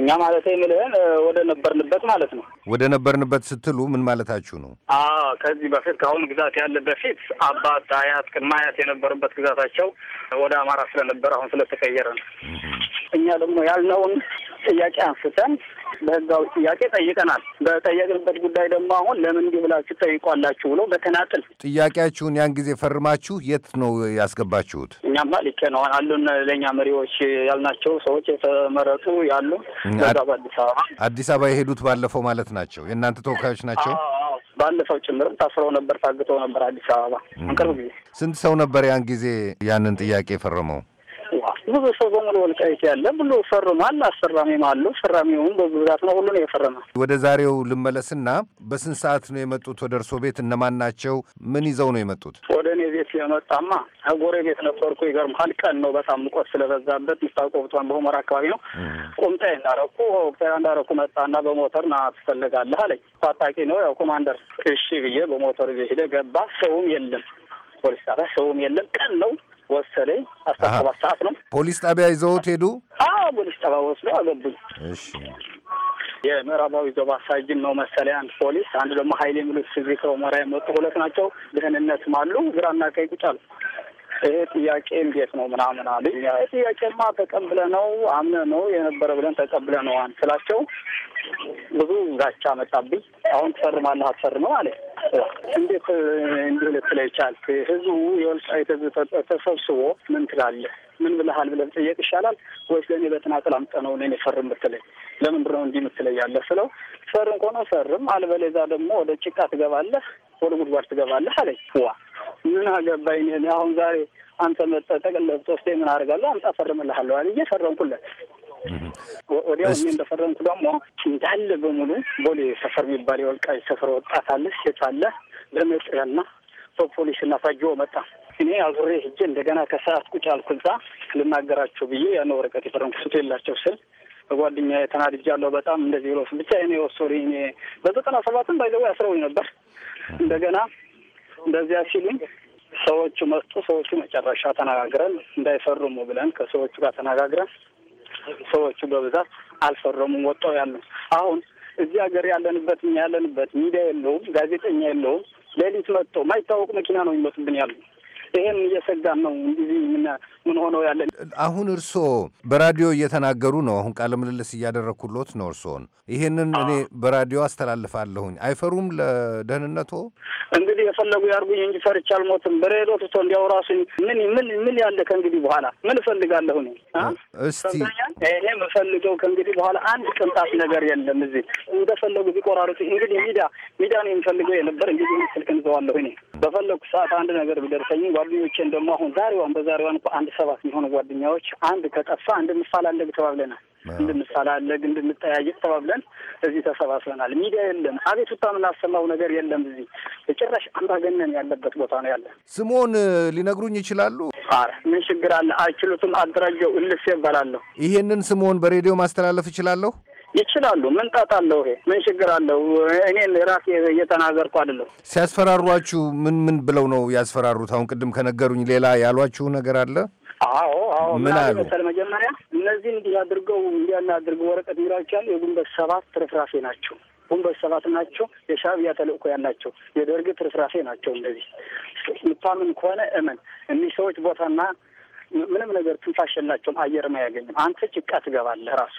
እኛ ማለት የምልህን ወደ ነበርንበት ማለት ነው። ወደ ነበርንበት ስትሉ ምን ማለታችሁ ነው? አዎ ከዚህ በፊት ከአሁኑ ግዛት ያለ በፊት አባት፣ አያት፣ ቅድመ አያት የነበሩበት ግዛታቸው ወደ አማራ ስለነበረ አሁን ስለተቀየረ ነው። እኛ ደግሞ ያልነውን ጥያቄ አንስተን ለህጋዊ ጥያቄ ጠይቀናል። በጠየቅንበት ጉዳይ ደግሞ አሁን ለምን እንዲህ ብላችሁ ጠይቋላችሁ ብሎ በተናጥል ጥያቄያችሁን ያን ጊዜ ፈርማችሁ የት ነው ያስገባችሁት? እኛማ ልኬ ነው አሉን ለእኛ መሪዎች ያልናቸው ሰዎች የተመረጡ ያሉ በዛ በአዲስ አበባ አዲስ አበባ የሄዱት ባለፈው ማለት ናቸው። የእናንተ ተወካዮች ናቸው። ባለፈው ጭምርም ታስረው ነበር፣ ታግተው ነበር አዲስ አበባ ቅርብ ጊዜ። ስንት ሰው ነበር ያን ጊዜ ያንን ጥያቄ የፈረመው? ብዙ ሰው በሙሉ ወልቃይት ያለ ብሎ ፈርሟል። አሰራሚም አሉ። ፈራሚውም በብዛት ነው፣ ሁሉን ነው ወደ ዛሬው ልመለስና በስንት ሰዓት ነው የመጡት ወደ እርሶ ቤት? እነማን ናቸው? ምን ይዘው ነው የመጡት? ወደ እኔ ቤት የመጣማ አጎሬ ቤት ነበርኩ። ይገርምሃል፣ ቀን ነው በጣም ሙቀት ስለበዛበት ምስራቅ ቆብቷን በሁመራ አካባቢ ነው። ቁምጣ እንዳረኩ ወቅታ እንዳረኩ መጣና በሞተር ና ትፈልጋለህ አለኝ። ታጣቂ ነው ያው ኮማንደር። እሺ ብዬ በሞተር ሄደ ገባ። ሰውም የለም፣ ፖሊስ ጣቢያ ሰውም የለም። ቀን ነው ወሰደኝ። አስራ ሰባት ሰዓት ነው። ፖሊስ ጣቢያ ይዘውት ሄዱ። አዎ ፖሊስ ጣቢያ ወስዶ አገቡኝ። እሺ የምዕራባዊ ዞባ ሳጅን ነው መሰለኝ አንድ ፖሊስ፣ አንድ ደግሞ ሀይሌ የሚሉት ዚክረ ሞራ የመጡ ሁለት ናቸው። ደህንነትም አሉ። ግራና ቀይ ቁጭ አሉ። ይሄ ጥያቄ እንዴት ነው ምናምን አሉኝ። ይሄ ጥያቄማ ተቀብለ ነው አምነ ነው የነበረ ብለን ተቀብለ ነው አንስላቸው። ብዙ ዛቻ መጣብኝ። አሁን ትፈርማለህ አትፈርምም አለኝ። እንዴት እንድልትለ ይቻል ህዝቡ የወልቃይት ህዝብ ተሰብስቦ ምን ትላለህ? ምን ብለሃል ብለህ ጠየቅ ይሻላል ወይስ ለእኔ በጥናቅል አምጠህ ነው እኔን ፈርም የምትለኝ? ለምን ብለው እንዲህ የምትለኝ ያለ ስለው ፈርም ከሆነ ፈርም፣ አልበለዚያ ደግሞ ወደ ጭቃ ትገባለህ፣ ወደ ጉድጓድ ትገባለህ አለኝ። ዋ ምን አገባኝ አሁን ዛሬ አንተ መጠጠቅ ለብጦ ምን አደርጋለሁ? አምጣ ፈርምልሃለሁ አልዬ ፈረምኩለት። ወዲያው እኔ እንደፈረምኩ ደግሞ እንዳለ በሙሉ ቦሌ ሰፈር የሚባል የወልቃይት ሰፈር ወጣት አለ፣ ሴት አለ። በመጥሪያና በፖሊስ እና ፋጆ መጣ። እኔ አዙሬ ሂጄ እንደገና ከሰዓት ቁጭ አልኩ እዛ ልናገራቸው ብዬ ያን ወረቀት የፈረምኩ የፈረምኩት የላቸው ስል በጓደኛ ተናድጃለሁ በጣም እንደዚህ ብሎ ብቻ እኔ ወሶሪ እኔ በዘጠና ሰባትም ባይዘው ያስረውኝ ነበር። እንደገና እንደዚያ ሲሉኝ ሰዎቹ መጡ። ሰዎቹ መጨረሻ ተነጋግረን እንዳይፈርሙ ብለን ከሰዎቹ ጋር ተነጋግረን ሰዎቹ በብዛት አልፈረሙም ወጣው ያሉ አሁን እዚህ ሀገር ያለንበት ያለንበት ሚዲያ የለውም፣ ጋዜጠኛ የለውም። ሌሊት መጥቶ ማይታወቅ መኪና ነው ይመጡብን ያሉ። ይሄን እየሰጋን ነው እንግዲህ ምን ሆነው ያለን አሁን እርስዎ በራዲዮ እየተናገሩ ነው። አሁን ቃለ ምልልስ እያደረግኩሎት ነው እርስዎን። ይህንን እኔ በራዲዮ አስተላልፋለሁኝ። አይፈሩም? ለደህንነቶ እንግዲህ የፈለጉ ያርጉኝ እንጂ ፈርቼ አልሞትም። በሬዶ ትቶ እንዲያው ራሱ ምን ምን ምን ያለ ከእንግዲህ በኋላ ምን እፈልጋለሁ እኔ እስቲ ይሄ የምፈልገው ከእንግዲህ በኋላ አንድ ቅንጣት ነገር የለም። እዚህ እንደፈለጉ ቢቆራሩት እንግዲህ ሚዲያ ሚዲያ ነው የምፈልገው የነበር እንግዲህ ስልክ እንዘዋለሁ እኔ በፈለግኩ ሰዓት አንድ ነገር ቢደርሰኝ ጓደኞቼን ደግሞ አሁን ዛሬዋን በዛሬዋን አንድ ሰባት የሚሆኑ ጓደኛዎች አንድ ከጠፋ እንድንፈላለግ ተባብለናል። እንድንፈላለግ እንድንጠያየቅ ተባብለን እዚህ ተሰባስበናል። ሚዲያ የለም፣ አቤቱታ የምናሰማው ነገር የለም። እዚህ የጭራሽ አምባገነን ያለበት ቦታ ነው ያለ። ስሞን ሊነግሩኝ ይችላሉ? አረ ምን ችግር አለ? አይችሉትም። አደራጀው እልፍ ይባላለሁ። ይሄንን ስሞን በሬዲዮ ማስተላለፍ ይችላለሁ? ይችላሉ። ምን ጣጣ አለው? ይሄ ምን ችግር አለው? እኔን ራሴ እየተናገርኩ አይደለም። ሲያስፈራሯችሁ ምን ምን ብለው ነው ያስፈራሩት? አሁን ቅድም ከነገሩኝ ሌላ ያሏችሁ ነገር አለ? አዎ አዎ ምን አሉ መሰለህ፣ መጀመሪያ እነዚህ እንዲህ አድርገው እንዲህ አድርገው ወረቀት ይሏቸዋል። የጉንበት ሰባት ትርፍራፌ ናቸው። ጉንበት ሰባት ናቸው። የሻዕቢያ ተልእኮ ያላቸው የደርግ ትርፍራፌ ናቸው። እንደዚህ ምታምን ከሆነ እመን። እኒህ ሰዎች ቦታና ምንም ነገር ትንፋሽ የላቸውም። አየርም አያገኝም። አንተ ጭቃ ትገባለህ ራሱ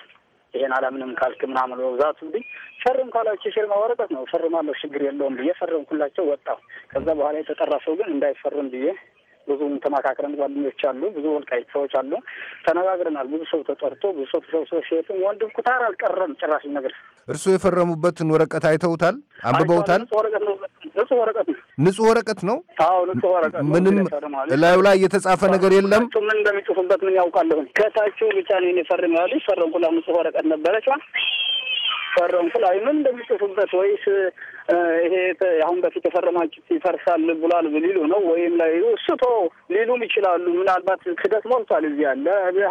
ይሄን አለምንም ካልክ ምናምን በብዛቱ ብኝ ፈርም ካላቸው የፊርማ ወረቀት ነው። ፈርማለሁ፣ ችግር የለውም ብዬ ፈርምኩላቸው፣ ወጣሁ። ከዛ በኋላ የተጠራ ሰው ግን እንዳይፈርም ብዬ ብዙም ተመካክረን ጓደኞች አሉ፣ ብዙ ወልቃይት ሰዎች አሉ፣ ተነጋግረናል። ብዙ ሰው ተጠርቶ ብዙ ሰው ተሰብስቦ ሲሄድም ወንድም ኩታር አልቀረም ጭራሽ ነገር። እርስዎ የፈረሙበትን ወረቀት አይተውታል? አንብበውታል? ንጹህ ወረቀት ነው። ንጹህ ወረቀት ነው። አዎ ንጹህ ወረቀት ምንም ላዩ ላይ የተጻፈ ነገር የለም። ምን እንደሚጽፉበት ምን ያውቃለሁን? ከታችሁ ብቻ ነው የፈርም ያሉ ፈረምኩላ ንጹህ ወረቀት ነበረች ፈረምኩላ ምን እንደሚጽፉበት ወይስ ይሄ አሁን በፊት የፈረማችሁት ይፈርሳል ብሏል ሊሉ ነው ወይም ላይ ስቶ ሊሉም ይችላሉ። ምናልባት ክደት ሞልቷል እዚህ ያለ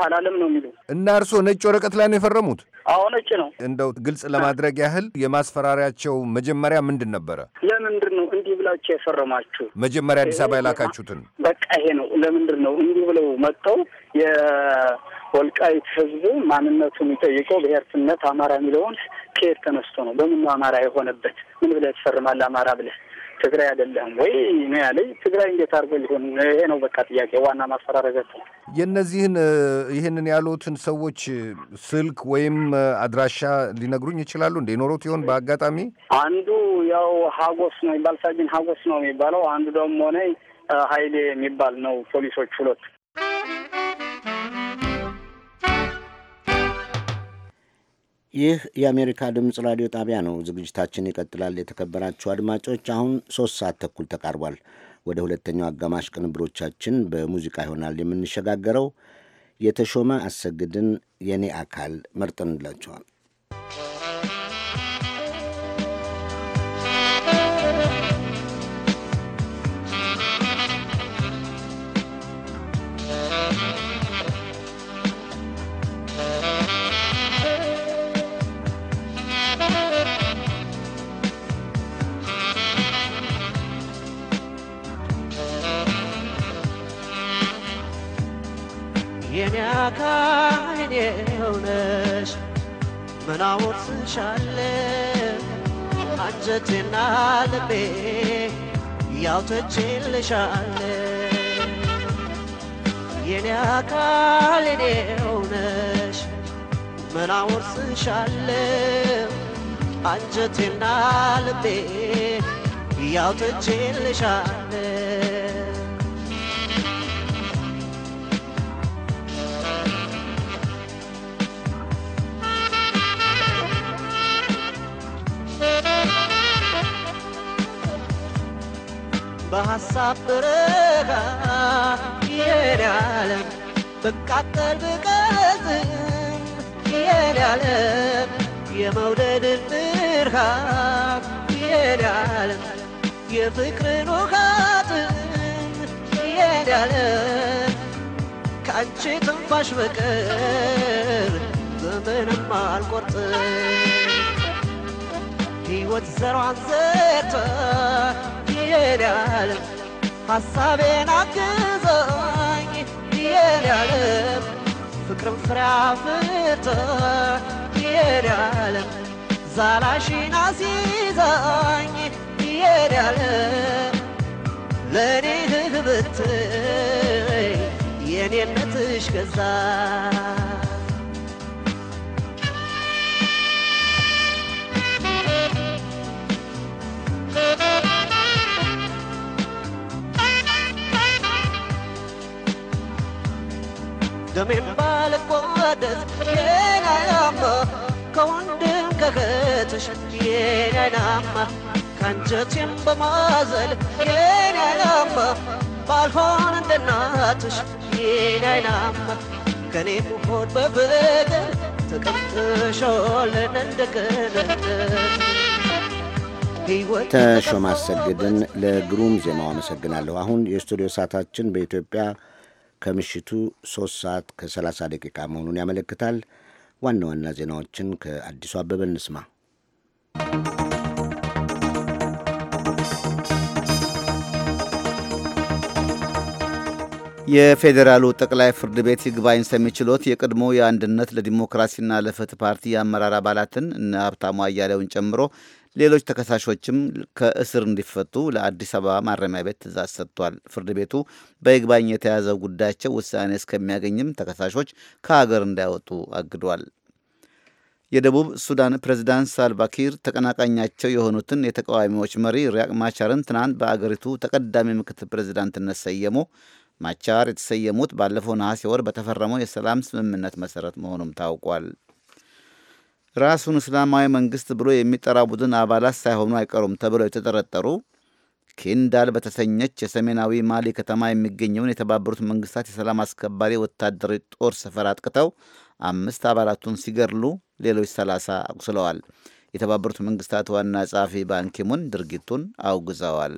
አላለም ነው የሚሉ እና እርስዎ ነጭ ወረቀት ላይ ነው የፈረሙት? አዎ ነጭ ነው። እንደው ግልጽ ለማድረግ ያህል የማስፈራሪያቸው መጀመሪያ ምንድን ነበረ? ለምንድን ነው እንዲህ ብላችሁ የፈረማችሁ? መጀመሪያ አዲስ አበባ የላካችሁትን በቃ ይሄ ነው። ለምንድን ነው እንዲህ ብለው መጥተው የወልቃይት ህዝብ ማንነቱን የሚጠይቀው ብሔርትነት አማራ የሚለውን ከየት ተነስቶ ነው? በምን ነው አማራ የሆነበት? ምን ብለህ ትፈርማለህ አማራ ብለህ ትግራይ አይደለም ወይ ነው ያለኝ። ትግራይ እንዴት አድርጎ ሊሆን? ይሄ ነው በቃ ጥያቄ፣ ዋና ማስፈራረገት። የእነዚህን ይህንን ያሉትን ሰዎች ስልክ ወይም አድራሻ ሊነግሩኝ ይችላሉ? እንደ ኖሮት ይሆን በአጋጣሚ? አንዱ ያው ሀጎስ ነው የሚባል ሳጅን ሀጎስ ነው የሚባለው፣ አንዱ ደግሞ ነ ሀይሌ የሚባል ነው። ፖሊሶች ሁለት ይህ የአሜሪካ ድምፅ ራዲዮ ጣቢያ ነው። ዝግጅታችን ይቀጥላል። የተከበራችሁ አድማጮች፣ አሁን ሶስት ሰዓት ተኩል ተቃርቧል። ወደ ሁለተኛው አጋማሽ ቅንብሮቻችን በሙዚቃ ይሆናል የምንሸጋገረው። የተሾመ አሰግድን የኔ አካል መርጠንላቸዋል። የኔ አካል የኔ ሆነሽ መናወትሻለ አንጀቴና ልቤ ያውተችልሻለ የኔ አካል የኔ ሆነሽ መናወትሻለ አንጀቴና ልቤ ያውተችልሻለ በሐሳብ ብረካ የኔ ዓለም ብቃጠል ብቀዝም የኔ ዓለም የመውደድን ብርሃን የኔ ዓለም የፍቅርን ውሃትን የኔ ዓለም ከአንቺ ትንፋሽ በቀር በምንም አልቆርጥም ሕይወት ዘሯን ዘርታ ያለም ሐሳቤን አግዘኝ ይሄን ያለም ፍቅርም ፍሬ አፍርቶ ይሄን ያለም ዛላሽን አስይዘኝ ይሄን ያለም ለእኔ ህብትይ የእኔነትሽ ገዛ Thank you. ደሜም ባልቆደስ የኔ ከወንድም ከእህት የኔ ከአንጀቴም በማዘል ባልሆን ከኔ ተቀምጥሾልን አሰግድን ለግሩም ዜማው አመሰግናለሁ። አሁን የስቱዲዮ ሰዓታችን በኢትዮጵያ ከምሽቱ 3 ሰዓት ከ30 ደቂቃ መሆኑን ያመለክታል። ዋና ዋና ዜናዎችን ከአዲሱ አበበ እንስማ። የፌዴራሉ ጠቅላይ ፍርድ ቤት ይግባኝ ሰሚ ችሎት የቀድሞ የአንድነት ለዲሞክራሲና ለፍትህ ፓርቲ የአመራር አባላትን እነ ሀብታሙ አያሌውን ጨምሮ ሌሎች ተከሳሾችም ከእስር እንዲፈቱ ለአዲስ አበባ ማረሚያ ቤት ትእዛዝ ሰጥቷል። ፍርድ ቤቱ በይግባኝ የተያዘው ጉዳያቸው ውሳኔ እስከሚያገኝም ተከሳሾች ከሀገር እንዳይወጡ አግዷል። የደቡብ ሱዳን ፕሬዝዳንት ሳልቫኪር ተቀናቃኛቸው የሆኑትን የተቃዋሚዎች መሪ ሪያቅ ማቻርን ትናንት በአገሪቱ ተቀዳሚ ምክትል ፕሬዝዳንትነት ሰየሙ። ማቻር የተሰየሙት ባለፈው ነሐሴ ወር በተፈረመው የሰላም ስምምነት መሰረት መሆኑም ታውቋል። ራሱን እስላማዊ መንግስት ብሎ የሚጠራ ቡድን አባላት ሳይሆኑ አይቀሩም ተብለው የተጠረጠሩ ኪንዳል በተሰኘች የሰሜናዊ ማሊ ከተማ የሚገኘውን የተባበሩት መንግስታት የሰላም አስከባሪ ወታደራዊ ጦር ሰፈር አጥቅተው አምስት አባላቱን ሲገድሉ ሌሎች ሰላሳ አቁስለዋል። የተባበሩት መንግስታት ዋና ጸሐፊ ባንኪሙን ድርጊቱን አውግዘዋል።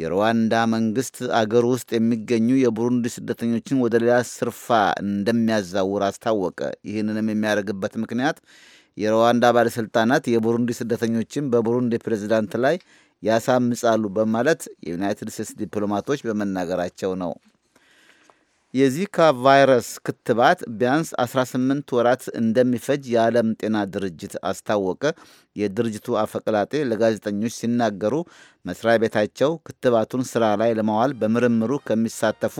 የሩዋንዳ መንግስት አገር ውስጥ የሚገኙ የቡሩንዲ ስደተኞችን ወደ ሌላ ስርፋ እንደሚያዛውር አስታወቀ። ይህንንም የሚያደርግበት ምክንያት የሩዋንዳ ባለሥልጣናት የቡሩንዲ ስደተኞችን በቡሩንዲ ፕሬዝዳንት ላይ ያሳምጻሉ በማለት የዩናይትድ ስቴትስ ዲፕሎማቶች በመናገራቸው ነው። የዚካ ቫይረስ ክትባት ቢያንስ 18 ወራት እንደሚፈጅ የዓለም ጤና ድርጅት አስታወቀ። የድርጅቱ አፈቅላጤ ለጋዜጠኞች ሲናገሩ መስሪያ ቤታቸው ክትባቱን ስራ ላይ ለማዋል በምርምሩ ከሚሳተፉ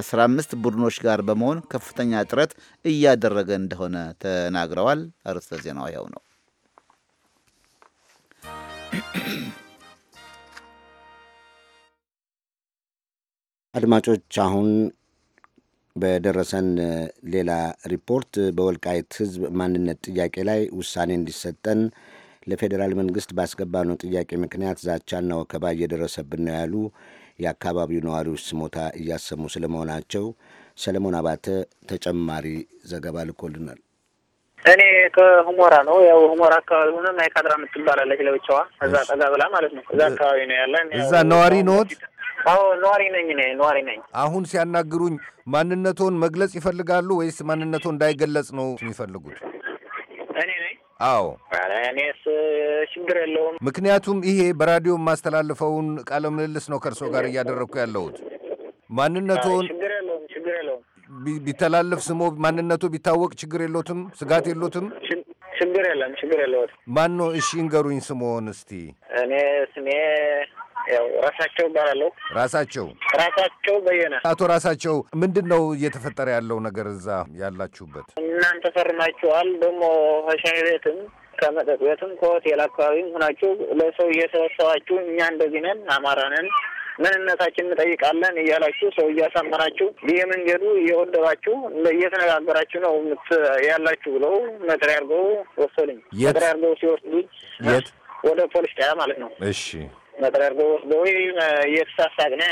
15 ቡድኖች ጋር በመሆን ከፍተኛ ጥረት እያደረገ እንደሆነ ተናግረዋል። አርዕስተ ዜናው ያው ነው። አድማጮች አሁን በደረሰን ሌላ ሪፖርት በወልቃይት ሕዝብ ማንነት ጥያቄ ላይ ውሳኔ እንዲሰጠን ለፌዴራል መንግስት ባስገባነው ጥያቄ ምክንያት ዛቻና ወከባ እየደረሰብን ነው ያሉ የአካባቢው ነዋሪዎች ስሞታ እያሰሙ ስለመሆናቸው ሰለሞን አባተ ተጨማሪ ዘገባ ልኮልናል። እኔ ከሁሞራ ነው። ያው ሁሞራ አካባቢ ሆነ ማይካድራ የምትባላለች ለብቻዋ እዛ ጠጋ ብላ ማለት ነው። እዛ አካባቢ ነው ያለን። እዛ ነዋሪ ኖት አዎ ነዋሪ ነኝ እኔ ነዋሪ ነኝ። አሁን ሲያናግሩኝ ማንነቶን መግለጽ ይፈልጋሉ ወይስ ማንነቶ እንዳይገለጽ ነው የሚፈልጉት? እኔ ነኝ። አዎ እኔስ ችግር የለውም። ምክንያቱም ይሄ በራዲዮ የማስተላልፈውን ቃለ ምልልስ ነው ከእርሶ ጋር እያደረግኩ ያለሁት። ማንነቶን ቢተላለፍ ስሞ ማንነቱ ቢታወቅ ችግር የለትም? ስጋት የለትም? ችግር የለም፣ ችግር የለውም። ማን ነው? እሺ እንገሩኝ ስሞን እስቲ። እኔ ስሜ ያው ራሳቸው እባላለሁ። ራሳቸው ራሳቸው በየነ አቶ ራሳቸው፣ ምንድን ነው እየተፈጠረ ያለው ነገር እዛ ያላችሁበት? እናንተ ፈርማችኋል ደግሞ ከሻይ ቤትም ከመጠጥ ቤትም ከሆቴል አካባቢም ሆናችሁ ለሰው እየሰበሰባችሁ እኛ እንደዚህ ነን አማራ ነን ምንነታችን እንጠይቃለን እያላችሁ ሰው እያሳመናችሁ በየመንገዱ እየወደባችሁ እየተነጋገራችሁ ነው ያላችሁ ብለው መጥሪያ አድርገው ወሰዱኝ። መጥሪያ አድርገው ሲወስዱኝ ወደ ፖሊስ ጣያ ማለት ነው። እሺ ተጠራርገው ወስደው እየተሳሳቅን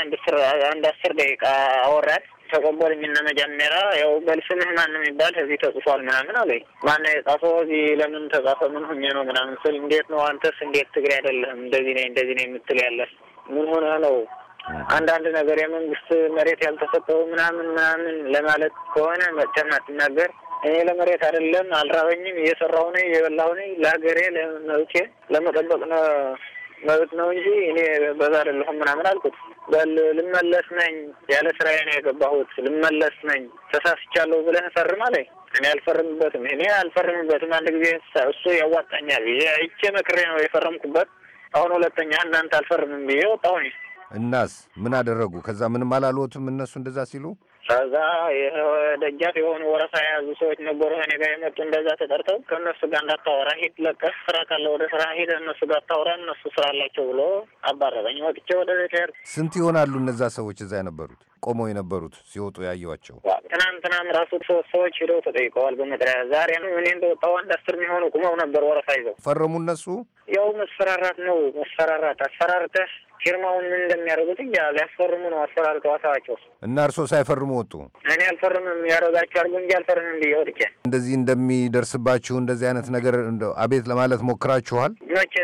አንድ አስር ደቂቃ አወራት። ተቀበልኝና መጀመሪያ ያው በልስምህ ማን የሚባል እዚህ ተጽፏል ምናምን አለኝ። ማን የጻፈው? እዚህ ለምን ተጻፈ? ምን ሁኜ ነው ምናምን ስል እንዴት ነው አንተስ እንዴት ትግሬ አይደለህም እንደዚህ ነኝ እንደዚህ ነኝ የምትል ያለ ምን ሆነ ነው አንዳንድ ነገር የመንግስት መሬት ያልተሰጠው ምናምን ምናምን ለማለት ከሆነ መቼም አትናገር። እኔ ለመሬት አይደለም አልራበኝም፣ እየሰራሁ ነኝ፣ እየበላሁ ነኝ፣ ለሀገሬ ለመብቴ ለመጠበቅ ነው መብት ነው እንጂ እኔ በዛ አይደለሁም ምናምን አልኩት። በል ልመለስ ነኝ ያለ ስራዬ ነው የገባሁት፣ ልመለስ ነኝ ተሳስቻለሁ ብለህ ፈርም አለኝ። እኔ አልፈርምበትም፣ እኔ አልፈርምበትም። አንድ ጊዜ እሱ ያዋጣኛል ይቼ መክሬ ነው የፈረምኩበት። አሁን ሁለተኛ እናንተ አልፈርምም ብዬ ወጣሁኝ። እናስ ምን አደረጉ? ከዛ ምንም አላልወቱም እነሱ እንደዛ ሲሉ ከዛ ደጃፍ የሆኑ ወረፋ የያዙ ሰዎች ነበሩ እኔ ጋር የመጡ እንደዛ ተጠርተው ከእነሱ ጋር እንዳታወራ ሂድ፣ ለቀስ ስራ ካለ ወደ ስራ ሂድ፣ እነሱ ጋር ታወራ፣ እነሱ ስራ አላቸው ብሎ አባረረኝ። ወጥቼ ወደ ቤት ሄድኩ። ስንት ይሆናሉ እነዛ ሰዎች እዛ የነበሩት ቆመው የነበሩት ሲወጡ ያየዋቸው? ትናንትናም ራሱ ሶስት ሰዎች ሂደው ተጠይቀዋል በመጥሪያ። ዛሬ እኔ እንደወጣሁ አንድ አስር የሚሆኑ ቁመው ነበር ወረፋ ይዘው። ፈረሙ እነሱ ያው መስፈራራት ነው መስፈራራት፣ አስፈራርተህ ፊርማውን እንደሚያደርጉት እንደሚያደርጉት ሊያስፈርሙ ነው አስፈራርተው አሳባቸው እና እርሶ ሳይፈርሙ ወጡ። እኔ አልፈርምም ያደረጋቸው አድርጉ እንጂ አልፈርምም ብዬ ወጥቼ። እንደዚህ እንደሚደርስባችሁ እንደዚህ አይነት ነገር አቤት ለማለት ሞክራችኋል? መቼ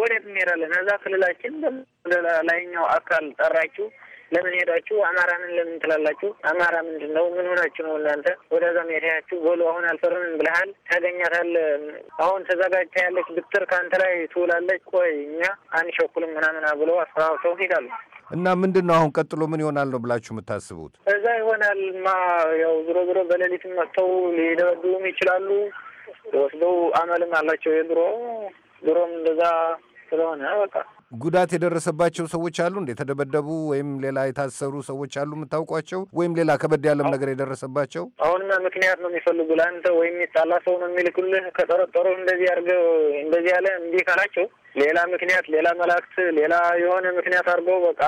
ወዴት እንሄዳለን? እዛ ክልላችን ላይኛው አካል ጠራችሁ ለምን ሄዳችሁ አማራ ምን ለምን ትላላችሁ? አማራ ምንድን ነው? ምን ሆናችሁ ነው እናንተ ወደዛ ሄዳችሁ? በሉ አሁን አልፈርምም ብለሃል፣ ታገኛታል። አሁን ተዘጋጅታ ያለች ብትር ከአንተ ላይ ትውላለች። ቆይ እኛ አንሸኩልም ምናምን ብሎ አስፈራርተው ሄዳሉ። እና ምንድን ነው አሁን ቀጥሎ ምን ይሆናል ነው ብላችሁ የምታስቡት? እዛ ይሆናል ማ ያው ዞሮ ዞሮ በሌሊት መጥተው ሊደበድቡም ይችላሉ። ወስደው አመልም አላቸው የድሮ ድሮም እንደዛ ስለሆነ በቃ ጉዳት የደረሰባቸው ሰዎች አሉ እንደ የተደበደቡ ወይም ሌላ የታሰሩ ሰዎች አሉ የምታውቋቸው ወይም ሌላ ከበድ ያለም ነገር የደረሰባቸው? አሁንማ ምክንያት ነው የሚፈልጉ ለአንተ ወይም የሚጣላ ሰው ነው የሚልኩልህ። ከጠረጠሩ እንደዚህ አድርገው እንደዚህ ያለ እንዲህ ካላቸው ሌላ ምክንያት፣ ሌላ መላእክት፣ ሌላ የሆነ ምክንያት አድርገው በቃ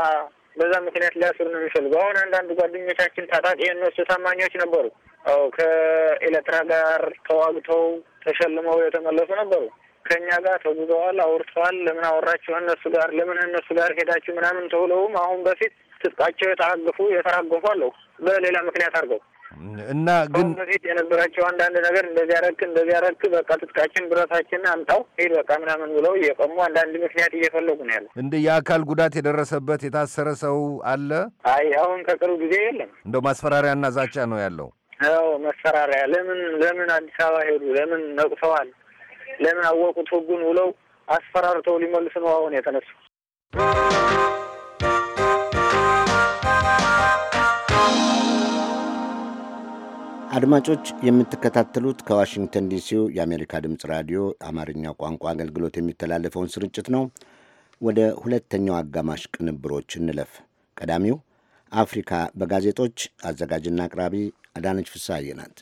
በዛ ምክንያት ሊያስሩ ነው የሚፈልጉ። አሁን አንዳንድ ጓደኞቻችን ታጣቂ የእነሱ ታማኞች ነበሩ። አዎ ከኤሌትራ ጋር ተዋግተው ተሸልመው የተመለሱ ነበሩ። ከኛ ጋር ተጉዘዋል፣ አውርተዋል። ለምን አወራችሁ እነሱ ጋር? ለምን እነሱ ጋር ሄዳችሁ ምናምን ተብለውም አሁን በፊት ትጥቃቸው የታገፉ የተራገፉ አለው በሌላ ምክንያት አድርገው እና ግን በፊት የነበራቸው አንዳንድ ነገር እንደዚያ ረክ እንደዚህ ረክ በቃ ትጥቃችን ብረታችን አምጣው ሄድ በቃ ምናምን ብለው እየቀሙ አንዳንድ ምክንያት እየፈለጉ ነው ያለ። እንደ የአካል ጉዳት የደረሰበት የታሰረ ሰው አለ? አይ አሁን ከቅርብ ጊዜ የለም። እንደው ማስፈራሪያና ዛቻ ነው ያለው። ያው ማስፈራሪያ። ለምን ለምን አዲስ አበባ ሄዱ? ለምን ነቅሰዋል? ለምን አወቁት ህጉን ውለው አስፈራርተው ሊመልስ ነው አሁን የተነሱ። አድማጮች የምትከታተሉት ከዋሽንግተን ዲሲው የአሜሪካ ድምፅ ራዲዮ አማርኛ ቋንቋ አገልግሎት የሚተላለፈውን ስርጭት ነው። ወደ ሁለተኛው አጋማሽ ቅንብሮች እንለፍ። ቀዳሚው አፍሪካ በጋዜጦች አዘጋጅና አቅራቢ አዳነች ፍስሐዬ ናት።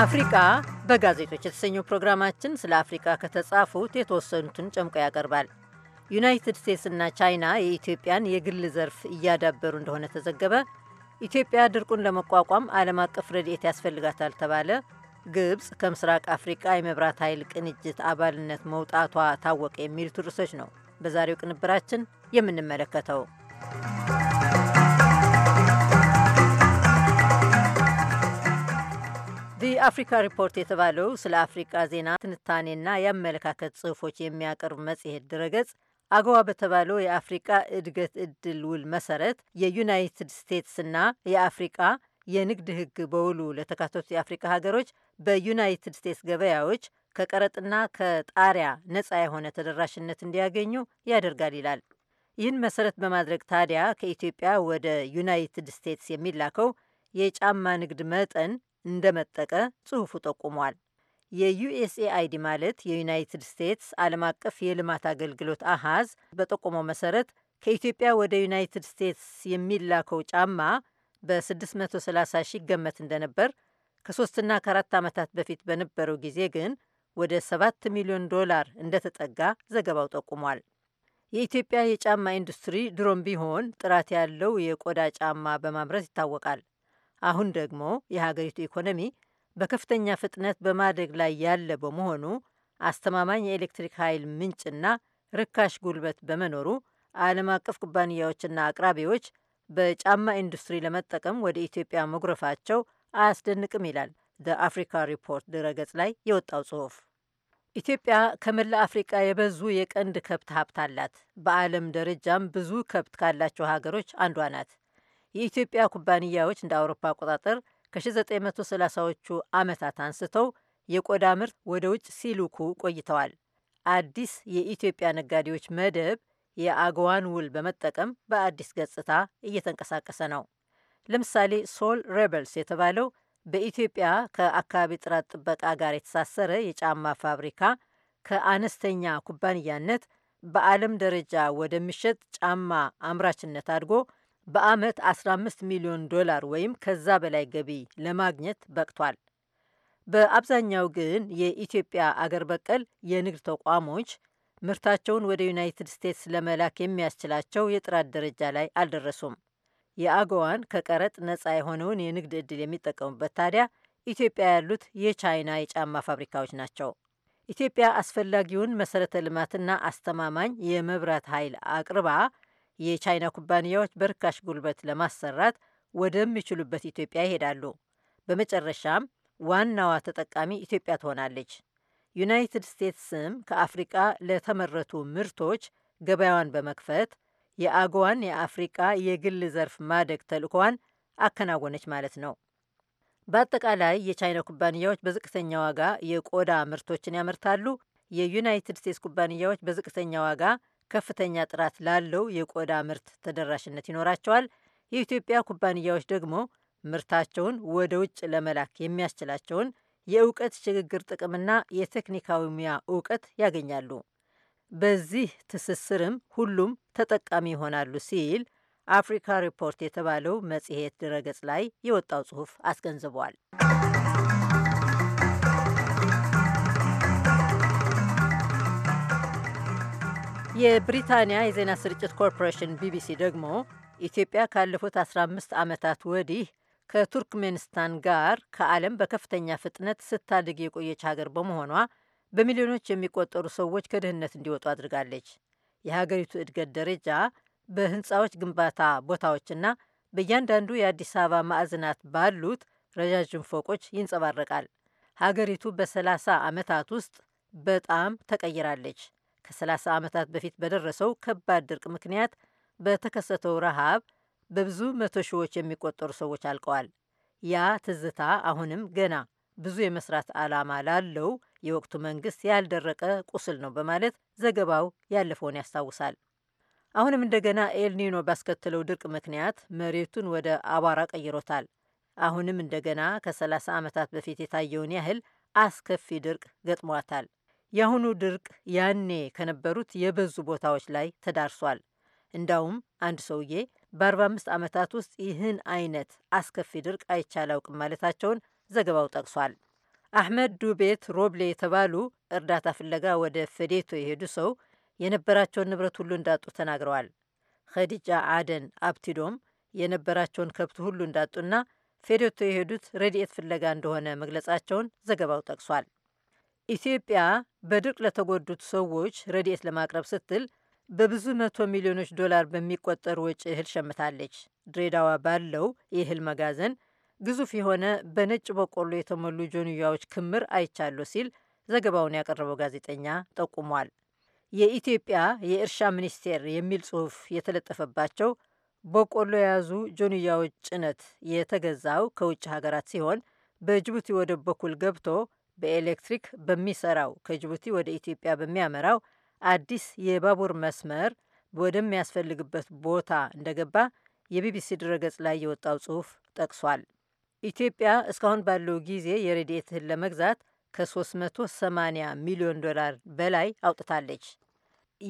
አፍሪቃ በጋዜጦች የተሰኘው ፕሮግራማችን ስለ አፍሪቃ ከተጻፉት የተወሰኑትን ጨምቆ ያቀርባል። ዩናይትድ እና ቻይና የኢትዮጵያን የግል ዘርፍ እያዳበሩ እንደሆነ ተዘገበ። ኢትዮጵያ ድርቁን ለመቋቋም ዓለም አቀፍ ረድኤት ያስፈልጋታል ተባለ። ግብፅ ከምስራቅ አፍሪቃ የመብራት ኃይል ቅንጅት አባልነት መውጣቷ ታወቀ። የሚሉት ርዕሶች ነው በዛሬው ቅንብራችን የምንመለከተው። ዲ አፍሪካ ሪፖርት የተባለው ስለ አፍሪቃ ዜና ትንታኔና የአመለካከት ጽሁፎች የሚያቀርብ መጽሔት ድረገጽ አገዋ በተባለው የአፍሪቃ እድገት እድል ውል መሰረት የዩናይትድ ስቴትስና የአፍሪቃ የንግድ ህግ በውሉ ለተካተቱት የአፍሪካ ሀገሮች በዩናይትድ ስቴትስ ገበያዎች ከቀረጥና ከጣሪያ ነጻ የሆነ ተደራሽነት እንዲያገኙ ያደርጋል ይላል። ይህን መሰረት በማድረግ ታዲያ ከኢትዮጵያ ወደ ዩናይትድ ስቴትስ የሚላከው የጫማ ንግድ መጠን እንደመጠቀ ጽሑፉ ጠቁሟል። የዩኤስኤአይዲ ማለት የዩናይትድ ስቴትስ ዓለም አቀፍ የልማት አገልግሎት አሃዝ በጠቆመው መሰረት ከኢትዮጵያ ወደ ዩናይትድ ስቴትስ የሚላከው ጫማ በ630 ሺህ ይገመት እንደነበር ከሶስትና ከአራት ዓመታት በፊት በነበረው ጊዜ ግን ወደ 7 ሚሊዮን ዶላር እንደተጠጋ ዘገባው ጠቁሟል። የኢትዮጵያ የጫማ ኢንዱስትሪ ድሮም ቢሆን ጥራት ያለው የቆዳ ጫማ በማምረት ይታወቃል። አሁን ደግሞ የሀገሪቱ ኢኮኖሚ በከፍተኛ ፍጥነት በማደግ ላይ ያለ በመሆኑ አስተማማኝ የኤሌክትሪክ ኃይል ምንጭና ርካሽ ጉልበት በመኖሩ ዓለም አቀፍ ኩባንያዎችና አቅራቢዎች በጫማ ኢንዱስትሪ ለመጠቀም ወደ ኢትዮጵያ መጉረፋቸው አያስደንቅም ይላል በአፍሪካ ሪፖርት ድረገጽ ላይ የወጣው ጽሑፍ። ኢትዮጵያ ከመላ አፍሪቃ የበዙ የቀንድ ከብት ሀብት አላት። በዓለም ደረጃም ብዙ ከብት ካላቸው ሀገሮች አንዷ ናት። የኢትዮጵያ ኩባንያዎች እንደ አውሮፓ አቆጣጠር ከ1930ዎቹ ዓመታት አንስተው የቆዳ ምርት ወደ ውጭ ሲልኩ ቆይተዋል። አዲስ የኢትዮጵያ ነጋዴዎች መደብ የአገዋን ውል በመጠቀም በአዲስ ገጽታ እየተንቀሳቀሰ ነው። ለምሳሌ ሶል ሬበልስ የተባለው በኢትዮጵያ ከአካባቢ ጥራት ጥበቃ ጋር የተሳሰረ የጫማ ፋብሪካ ከአነስተኛ ኩባንያነት በዓለም ደረጃ ወደሚሸጥ ጫማ አምራችነት አድጎ በአመት 15 ሚሊዮን ዶላር ወይም ከዛ በላይ ገቢ ለማግኘት በቅቷል። በአብዛኛው ግን የኢትዮጵያ አገር በቀል የንግድ ተቋሞች ምርታቸውን ወደ ዩናይትድ ስቴትስ ለመላክ የሚያስችላቸው የጥራት ደረጃ ላይ አልደረሱም። የአገዋን ከቀረጥ ነጻ የሆነውን የንግድ ዕድል የሚጠቀሙበት ታዲያ ኢትዮጵያ ያሉት የቻይና የጫማ ፋብሪካዎች ናቸው። ኢትዮጵያ አስፈላጊውን መሰረተ ልማትና አስተማማኝ የመብራት ኃይል አቅርባ የቻይና ኩባንያዎች በርካሽ ጉልበት ለማሰራት ወደሚችሉበት ኢትዮጵያ ይሄዳሉ። በመጨረሻም ዋናዋ ተጠቃሚ ኢትዮጵያ ትሆናለች። ዩናይትድ ስቴትስም ከአፍሪቃ ለተመረቱ ምርቶች ገበያዋን በመክፈት የአገዋን የአፍሪቃ የግል ዘርፍ ማደግ ተልእኮዋን አከናወነች ማለት ነው። በአጠቃላይ የቻይና ኩባንያዎች በዝቅተኛ ዋጋ የቆዳ ምርቶችን ያመርታሉ። የዩናይትድ ስቴትስ ኩባንያዎች በዝቅተኛ ዋጋ ከፍተኛ ጥራት ላለው የቆዳ ምርት ተደራሽነት ይኖራቸዋል። የኢትዮጵያ ኩባንያዎች ደግሞ ምርታቸውን ወደ ውጭ ለመላክ የሚያስችላቸውን የእውቀት ሽግግር ጥቅምና የቴክኒካዊ ሙያ እውቀት ያገኛሉ። በዚህ ትስስርም ሁሉም ተጠቃሚ ይሆናሉ ሲል አፍሪካ ሪፖርት የተባለው መጽሔት ድረገጽ ላይ የወጣው ጽሑፍ አስገንዝቧል። የብሪታንያ የዜና ስርጭት ኮርፖሬሽን ቢቢሲ ደግሞ ኢትዮጵያ ካለፉት 15 ዓመታት ወዲህ ከቱርክሜንስታን ጋር ከዓለም በከፍተኛ ፍጥነት ስታድግ የቆየች ሀገር በመሆኗ በሚሊዮኖች የሚቆጠሩ ሰዎች ከድህነት እንዲወጡ አድርጋለች። የሀገሪቱ እድገት ደረጃ በህንፃዎች ግንባታ ቦታዎችና በእያንዳንዱ የአዲስ አበባ ማዕዘናት ባሉት ረዣዥም ፎቆች ይንጸባረቃል። ሀገሪቱ በ30 ዓመታት ውስጥ በጣም ተቀይራለች። ከ30 ዓመታት በፊት በደረሰው ከባድ ድርቅ ምክንያት በተከሰተው ረሃብ በብዙ መቶ ሺዎች የሚቆጠሩ ሰዎች አልቀዋል። ያ ትዝታ አሁንም ገና ብዙ የመስራት ዓላማ ላለው የወቅቱ መንግስት ያልደረቀ ቁስል ነው በማለት ዘገባው ያለፈውን ያስታውሳል። አሁንም እንደገና ኤልኒኖ ባስከተለው ድርቅ ምክንያት መሬቱን ወደ አቧራ ቀይሮታል። አሁንም እንደገና ከ30 ዓመታት በፊት የታየውን ያህል አስከፊ ድርቅ ገጥሟታል። የአሁኑ ድርቅ ያኔ ከነበሩት የበዙ ቦታዎች ላይ ተዳርሷል። እንዳውም አንድ ሰውዬ በ45 ዓመታት ውስጥ ይህን አይነት አስከፊ ድርቅ አይቼ አላውቅም ማለታቸውን ዘገባው ጠቅሷል። አሕመድ ዱቤት ሮብሌ የተባሉ እርዳታ ፍለጋ ወደ ፈዴቶ የሄዱ ሰው የነበራቸውን ንብረት ሁሉ እንዳጡ ተናግረዋል። ኸዲጃ አደን አብቲዶም የነበራቸውን ከብት ሁሉ እንዳጡና ፌዴቶ የሄዱት ረድኤት ፍለጋ እንደሆነ መግለጻቸውን ዘገባው ጠቅሷል። ኢትዮጵያ በድርቅ ለተጎዱት ሰዎች ረድኤት ለማቅረብ ስትል በብዙ መቶ ሚሊዮኖች ዶላር በሚቆጠር ወጪ እህል ሸምታለች። ድሬዳዋ ባለው የእህል መጋዘን ግዙፍ የሆነ በነጭ በቆሎ የተሞሉ ጆንያዎች ክምር አይቻሉ ሲል ዘገባውን ያቀረበው ጋዜጠኛ ጠቁሟል። የኢትዮጵያ የእርሻ ሚኒስቴር የሚል ጽሑፍ የተለጠፈባቸው በቆሎ የያዙ ጆንያዎች ጭነት የተገዛው ከውጭ ሀገራት ሲሆን በጅቡቲ ወደብ በኩል ገብቶ በኤሌክትሪክ በሚሰራው ከጅቡቲ ወደ ኢትዮጵያ በሚያመራው አዲስ የባቡር መስመር ወደሚያስፈልግበት ቦታ እንደገባ የቢቢሲ ድረገጽ ላይ የወጣው ጽሑፍ ጠቅሷል። ኢትዮጵያ እስካሁን ባለው ጊዜ የረድኤት እህል ለመግዛት ከ380 ሚሊዮን ዶላር በላይ አውጥታለች።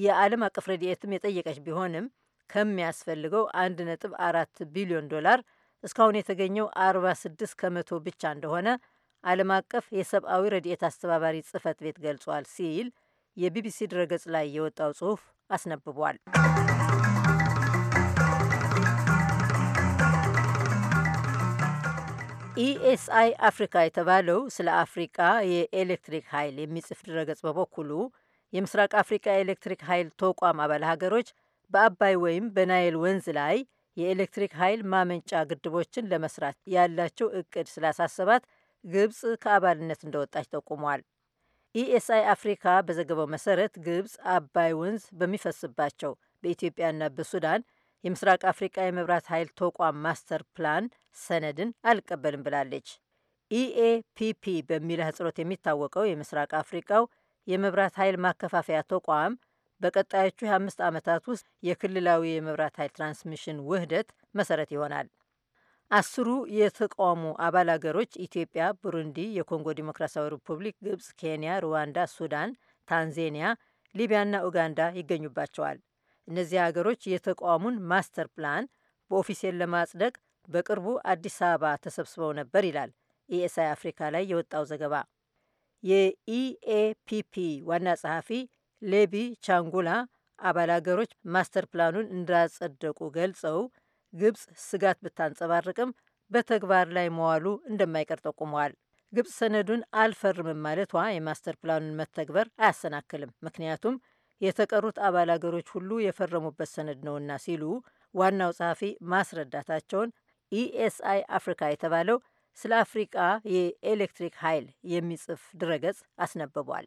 የዓለም አቀፍ ረድኤትም የጠየቀች ቢሆንም ከሚያስፈልገው 1.4 ቢሊዮን ዶላር እስካሁን የተገኘው 46 ከመቶ ብቻ እንደሆነ ዓለም አቀፍ የሰብአዊ ረድኤት አስተባባሪ ጽህፈት ቤት ገልጿል ሲል የቢቢሲ ድረገጽ ላይ የወጣው ጽሑፍ አስነብቧል። ኢኤስአይ አፍሪካ የተባለው ስለ አፍሪቃ የኤሌክትሪክ ኃይል የሚጽፍ ድረገጽ በበኩሉ የምስራቅ አፍሪቃ የኤሌክትሪክ ኃይል ተቋም አባል ሀገሮች በአባይ ወይም በናይል ወንዝ ላይ የኤሌክትሪክ ኃይል ማመንጫ ግድቦችን ለመስራት ያላቸው እቅድ ስላሳሰባት ግብፅ ከአባልነት እንደወጣች ጠቁሟል። ኢኤስአይ አፍሪካ በዘገበው መሰረት ግብፅ አባይ ወንዝ በሚፈስባቸው በኢትዮጵያና በሱዳን የምስራቅ አፍሪቃ የመብራት ኃይል ተቋም ማስተር ፕላን ሰነድን አልቀበልም ብላለች። ኢኤፒፒ በሚል ህጽሮት የሚታወቀው የምስራቅ አፍሪቃው የመብራት ኃይል ማከፋፈያ ተቋም በቀጣዮቹ የአምስት ዓመታት ውስጥ የክልላዊ የመብራት ኃይል ትራንስሚሽን ውህደት መሰረት ይሆናል። አስሩ የተቃውሞ አባል አገሮች ኢትዮጵያ፣ ብሩንዲ፣ የኮንጎ ዲሞክራሲያዊ ሪፑብሊክ፣ ግብጽ፣ ኬንያ፣ ሩዋንዳ፣ ሱዳን፣ ታንዜኒያ፣ ሊቢያና ኡጋንዳ ይገኙባቸዋል። እነዚህ አገሮች የተቃውሙን ማስተር ፕላን በኦፊሴል ለማጽደቅ በቅርቡ አዲስ አበባ ተሰብስበው ነበር ይላል ኢኤስአይ አፍሪካ ላይ የወጣው ዘገባ። የኢኤፒፒ ዋና ጸሐፊ ሌቢ ቻንጉላ አባል አገሮች ማስተር ፕላኑን እንዳጸደቁ ገልጸው ግብፅ ስጋት ብታንጸባርቅም በተግባር ላይ መዋሉ እንደማይቀር ጠቁመዋል። ግብፅ ሰነዱን አልፈርምም ማለቷ የማስተር ፕላኑን መተግበር አያሰናክልም፣ ምክንያቱም የተቀሩት አባል አገሮች ሁሉ የፈረሙበት ሰነድ ነውና ሲሉ ዋናው ጸሐፊ ማስረዳታቸውን ኢኤስአይ e አፍሪካ የተባለው ስለ አፍሪቃ የኤሌክትሪክ ኃይል የሚጽፍ ድረገጽ አስነብቧል።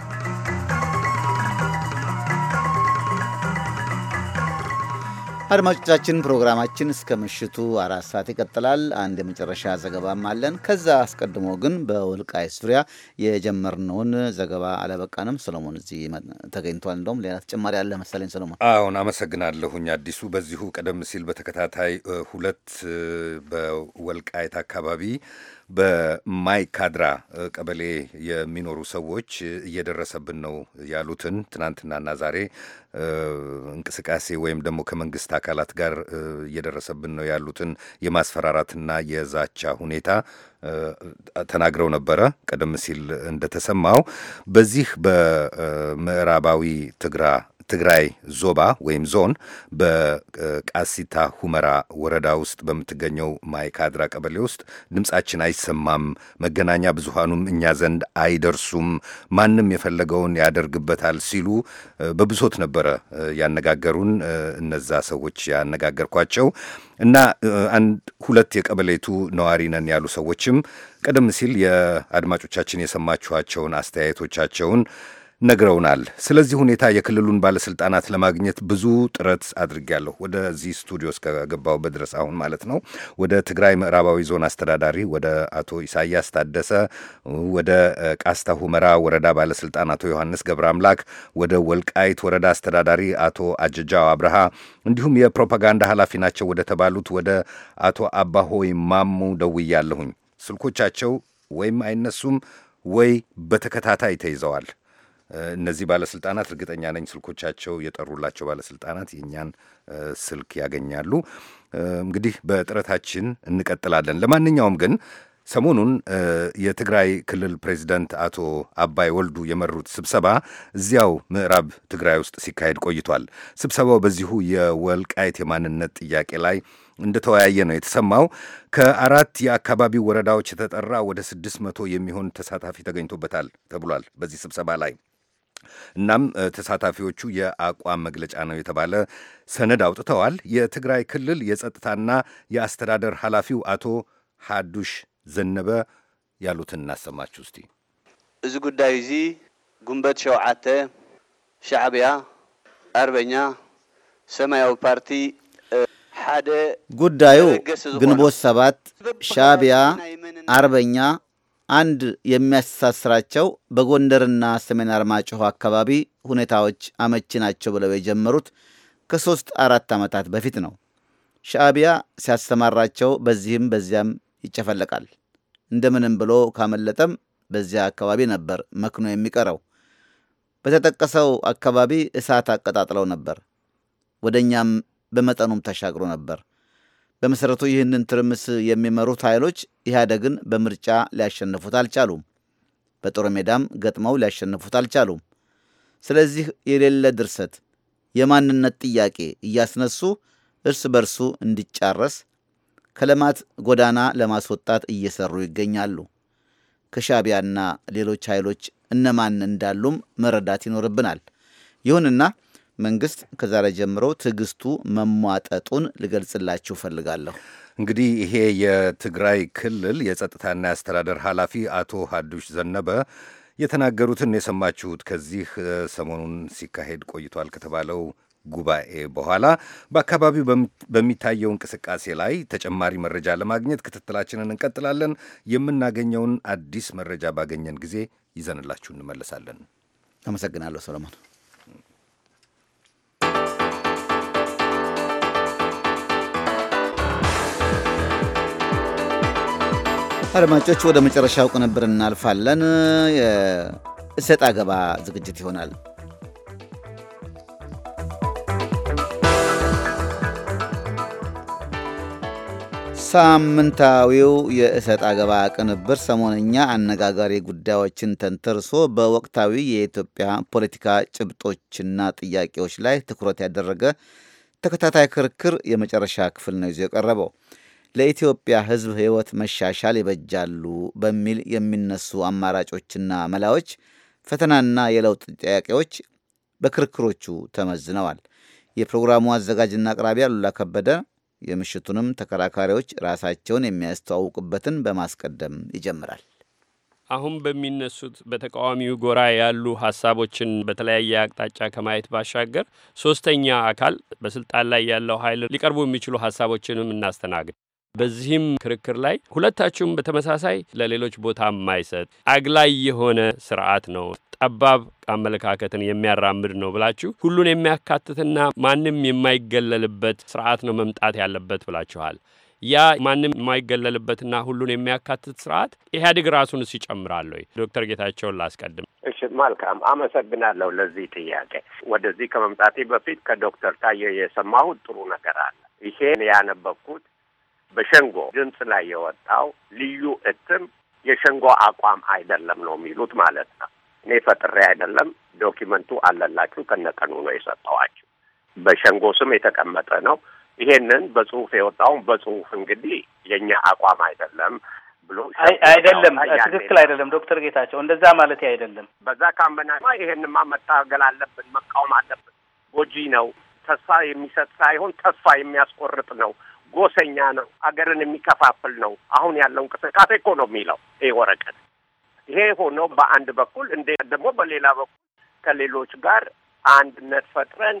አድማጮቻችን ፕሮግራማችን እስከ ምሽቱ አራት ሰዓት ይቀጥላል። አንድ የመጨረሻ ዘገባም አለን። ከዛ አስቀድሞ ግን በወልቃይት ዙሪያ የጀመርነውን ዘገባ አለበቃንም። ሰሎሞን እዚህ ተገኝቷል። እንደውም ሌላ ተጨማሪ አለ መሰለኝ ሰሎሞን። አሁን አመሰግናለሁኝ አዲሱ። በዚሁ ቀደም ሲል በተከታታይ ሁለት በወልቃይት አካባቢ በማይካድራ ቀበሌ የሚኖሩ ሰዎች እየደረሰብን ነው ያሉትን ትናንትናና ዛሬ እንቅስቃሴ ወይም ደግሞ ከመንግስት አካላት ጋር እየደረሰብን ነው ያሉትን የማስፈራራትና የዛቻ ሁኔታ ተናግረው ነበረ። ቀደም ሲል እንደተሰማው በዚህ በምዕራባዊ ትግራ ትግራይ ዞባ ወይም ዞን በቃሲታ ሁመራ ወረዳ ውስጥ በምትገኘው ማይካድራ ቀበሌ ውስጥ ድምፃችን አይሰማም፣ መገናኛ ብዙሃኑም እኛ ዘንድ አይደርሱም፣ ማንም የፈለገውን ያደርግበታል ሲሉ በብሶት ነበረ ያነጋገሩን እነዛ ሰዎች ያነጋገርኳቸው እና አንድ ሁለት የቀበሌቱ ነዋሪ ነን ያሉ ሰዎችም ቀደም ሲል የአድማጮቻችን የሰማችኋቸውን አስተያየቶቻቸውን ነግረውናል። ስለዚህ ሁኔታ የክልሉን ባለስልጣናት ለማግኘት ብዙ ጥረት አድርጌያለሁ። ወደዚህ ስቱዲዮ እስከገባው በድረስ አሁን ማለት ነው። ወደ ትግራይ ምዕራባዊ ዞን አስተዳዳሪ ወደ አቶ ኢሳያስ ታደሰ፣ ወደ ቃስታ ሁመራ ወረዳ ባለስልጣን አቶ ዮሐንስ ገብረ አምላክ፣ ወደ ወልቃይት ወረዳ አስተዳዳሪ አቶ አጀጃው አብርሃ እንዲሁም የፕሮፓጋንዳ ኃላፊ ናቸው ወደ ተባሉት ወደ አቶ አባሆይ ማሙ ደውያለሁኝ። ስልኮቻቸው ወይም አይነሱም ወይ በተከታታይ ተይዘዋል። እነዚህ ባለስልጣናት እርግጠኛ ነኝ ስልኮቻቸው የጠሩላቸው ባለስልጣናት የእኛን ስልክ ያገኛሉ። እንግዲህ በጥረታችን እንቀጥላለን። ለማንኛውም ግን ሰሞኑን የትግራይ ክልል ፕሬዚደንት አቶ አባይ ወልዱ የመሩት ስብሰባ እዚያው ምዕራብ ትግራይ ውስጥ ሲካሄድ ቆይቷል። ስብሰባው በዚሁ የወልቃይት የማንነት ጥያቄ ላይ እንደተወያየ ነው የተሰማው። ከአራት የአካባቢው ወረዳዎች የተጠራ ወደ ስድስት መቶ የሚሆን ተሳታፊ ተገኝቶበታል ተብሏል በዚህ ስብሰባ ላይ እናም ተሳታፊዎቹ የአቋም መግለጫ ነው የተባለ ሰነድ አውጥተዋል። የትግራይ ክልል የጸጥታና የአስተዳደር ኃላፊው አቶ ሐዱሽ ዘነበ ያሉትን እናሰማችሁ እስቲ። እዚ ጉዳይ እዚ ጉንበት ሸውዓተ ሻዕብያ አርበኛ ሰማያዊ ፓርቲ ሓደ ጉዳዩ ግንቦት ሰባት ሻዕብያ አርበኛ አንድ የሚያስተሳስራቸው በጎንደርና ሰሜን አርማጭሆ አካባቢ ሁኔታዎች አመቺ ናቸው ብለው የጀመሩት ከሦስት አራት ዓመታት በፊት ነው። ሻዕቢያ ሲያስተማራቸው በዚህም በዚያም ይጨፈለቃል። እንደምንም ብሎ ካመለጠም በዚያ አካባቢ ነበር መክኖ የሚቀረው። በተጠቀሰው አካባቢ እሳት አቀጣጥለው ነበር። ወደኛም በመጠኑም ተሻግሮ ነበር። በመሠረቱ ይህንን ትርምስ የሚመሩት ኃይሎች ኢህአደግን በምርጫ ሊያሸንፉት አልቻሉም። በጦር ሜዳም ገጥመው ሊያሸንፉት አልቻሉም። ስለዚህ የሌለ ድርሰት፣ የማንነት ጥያቄ እያስነሱ እርስ በርሱ እንዲጫረስ ከልማት ጎዳና ለማስወጣት እየሰሩ ይገኛሉ። ከሻቢያና ሌሎች ኃይሎች እነማን እንዳሉም መረዳት ይኖርብናል። ይሁንና መንግስት ከዛሬ ጀምሮ ትዕግስቱ መሟጠጡን ልገልጽላችሁ ፈልጋለሁ እንግዲህ ይሄ የትግራይ ክልል የጸጥታና የአስተዳደር ኃላፊ አቶ ሀዱሽ ዘነበ የተናገሩትን የሰማችሁት ከዚህ ሰሞኑን ሲካሄድ ቆይቷል ከተባለው ጉባኤ በኋላ በአካባቢው በሚታየው እንቅስቃሴ ላይ ተጨማሪ መረጃ ለማግኘት ክትትላችንን እንቀጥላለን። የምናገኘውን አዲስ መረጃ ባገኘን ጊዜ ይዘንላችሁ እንመለሳለን። አመሰግናለሁ ሰለሞን። አድማጮች ወደ መጨረሻው ቅንብር እናልፋለን። የእሰጥ አገባ ዝግጅት ይሆናል። ሳምንታዊው የእሰጥ አገባ ቅንብር ሰሞነኛ አነጋጋሪ ጉዳዮችን ተንተርሶ በወቅታዊ የኢትዮጵያ ፖለቲካ ጭብጦችና ጥያቄዎች ላይ ትኩረት ያደረገ ተከታታይ ክርክር የመጨረሻ ክፍል ነው ይዞ የቀረበው። ለኢትዮጵያ ሕዝብ ሕይወት መሻሻል ይበጃሉ በሚል የሚነሱ አማራጮችና መላዎች፣ ፈተናና የለውጥ ጥያቄዎች በክርክሮቹ ተመዝነዋል። የፕሮግራሙ አዘጋጅና አቅራቢ አሉላ ከበደ የምሽቱንም ተከራካሪዎች ራሳቸውን የሚያስተዋውቁበትን በማስቀደም ይጀምራል። አሁን በሚነሱት በተቃዋሚው ጎራ ያሉ ሀሳቦችን በተለያየ አቅጣጫ ከማየት ባሻገር ሶስተኛ አካል በስልጣን ላይ ያለው ኃይል ሊቀርቡ የሚችሉ ሀሳቦችንም እናስተናግድ። በዚህም ክርክር ላይ ሁለታችሁም በተመሳሳይ ለሌሎች ቦታ የማይሰጥ አግላይ የሆነ ስርዓት ነው፣ ጠባብ አመለካከትን የሚያራምድ ነው ብላችሁ ሁሉን የሚያካትትና ማንም የማይገለልበት ስርዓት ነው መምጣት ያለበት ብላችኋል። ያ ማንም የማይገለልበትና ሁሉን የሚያካትት ስርዓት ኢህአዴግ ራሱንስ ይጨምራል ወይ? ዶክተር ጌታቸውን ላስቀድም። እሺ፣ መልካም አመሰግናለሁ ለዚህ ጥያቄ። ወደዚህ ከመምጣቴ በፊት ከዶክተር ታየ የሰማሁት ጥሩ ነገር አለ። ይሄን ያነበብኩት በሸንጎ ድምፅ ላይ የወጣው ልዩ እትም የሸንጎ አቋም አይደለም ነው የሚሉት ማለት ነው። እኔ ፈጥሬ አይደለም፣ ዶኪመንቱ አለላችሁ ከነቀኑ ነው የሰጠዋችሁ። በሸንጎ ስም የተቀመጠ ነው። ይሄንን በጽሁፍ የወጣውን በጽሁፍ እንግዲህ የእኛ አቋም አይደለም ብሎ አይደለም፣ ትክክል አይደለም። ዶክተር ጌታቸው እንደዛ ማለት አይደለም። በዛ ካመናማ ይሄንማ መታገል አለብን፣ መቃወም አለብን። ጎጂ ነው፣ ተስፋ የሚሰጥ ሳይሆን ተስፋ የሚያስቆርጥ ነው ጎሰኛ ነው፣ አገርን የሚከፋፍል ነው፣ አሁን ያለው እንቅስቃሴ እኮ ነው የሚለው ይህ ወረቀት። ይሄ ሆነው በአንድ በኩል እንደ ደግሞ በሌላ በኩል ከሌሎች ጋር አንድነት ፈጥረን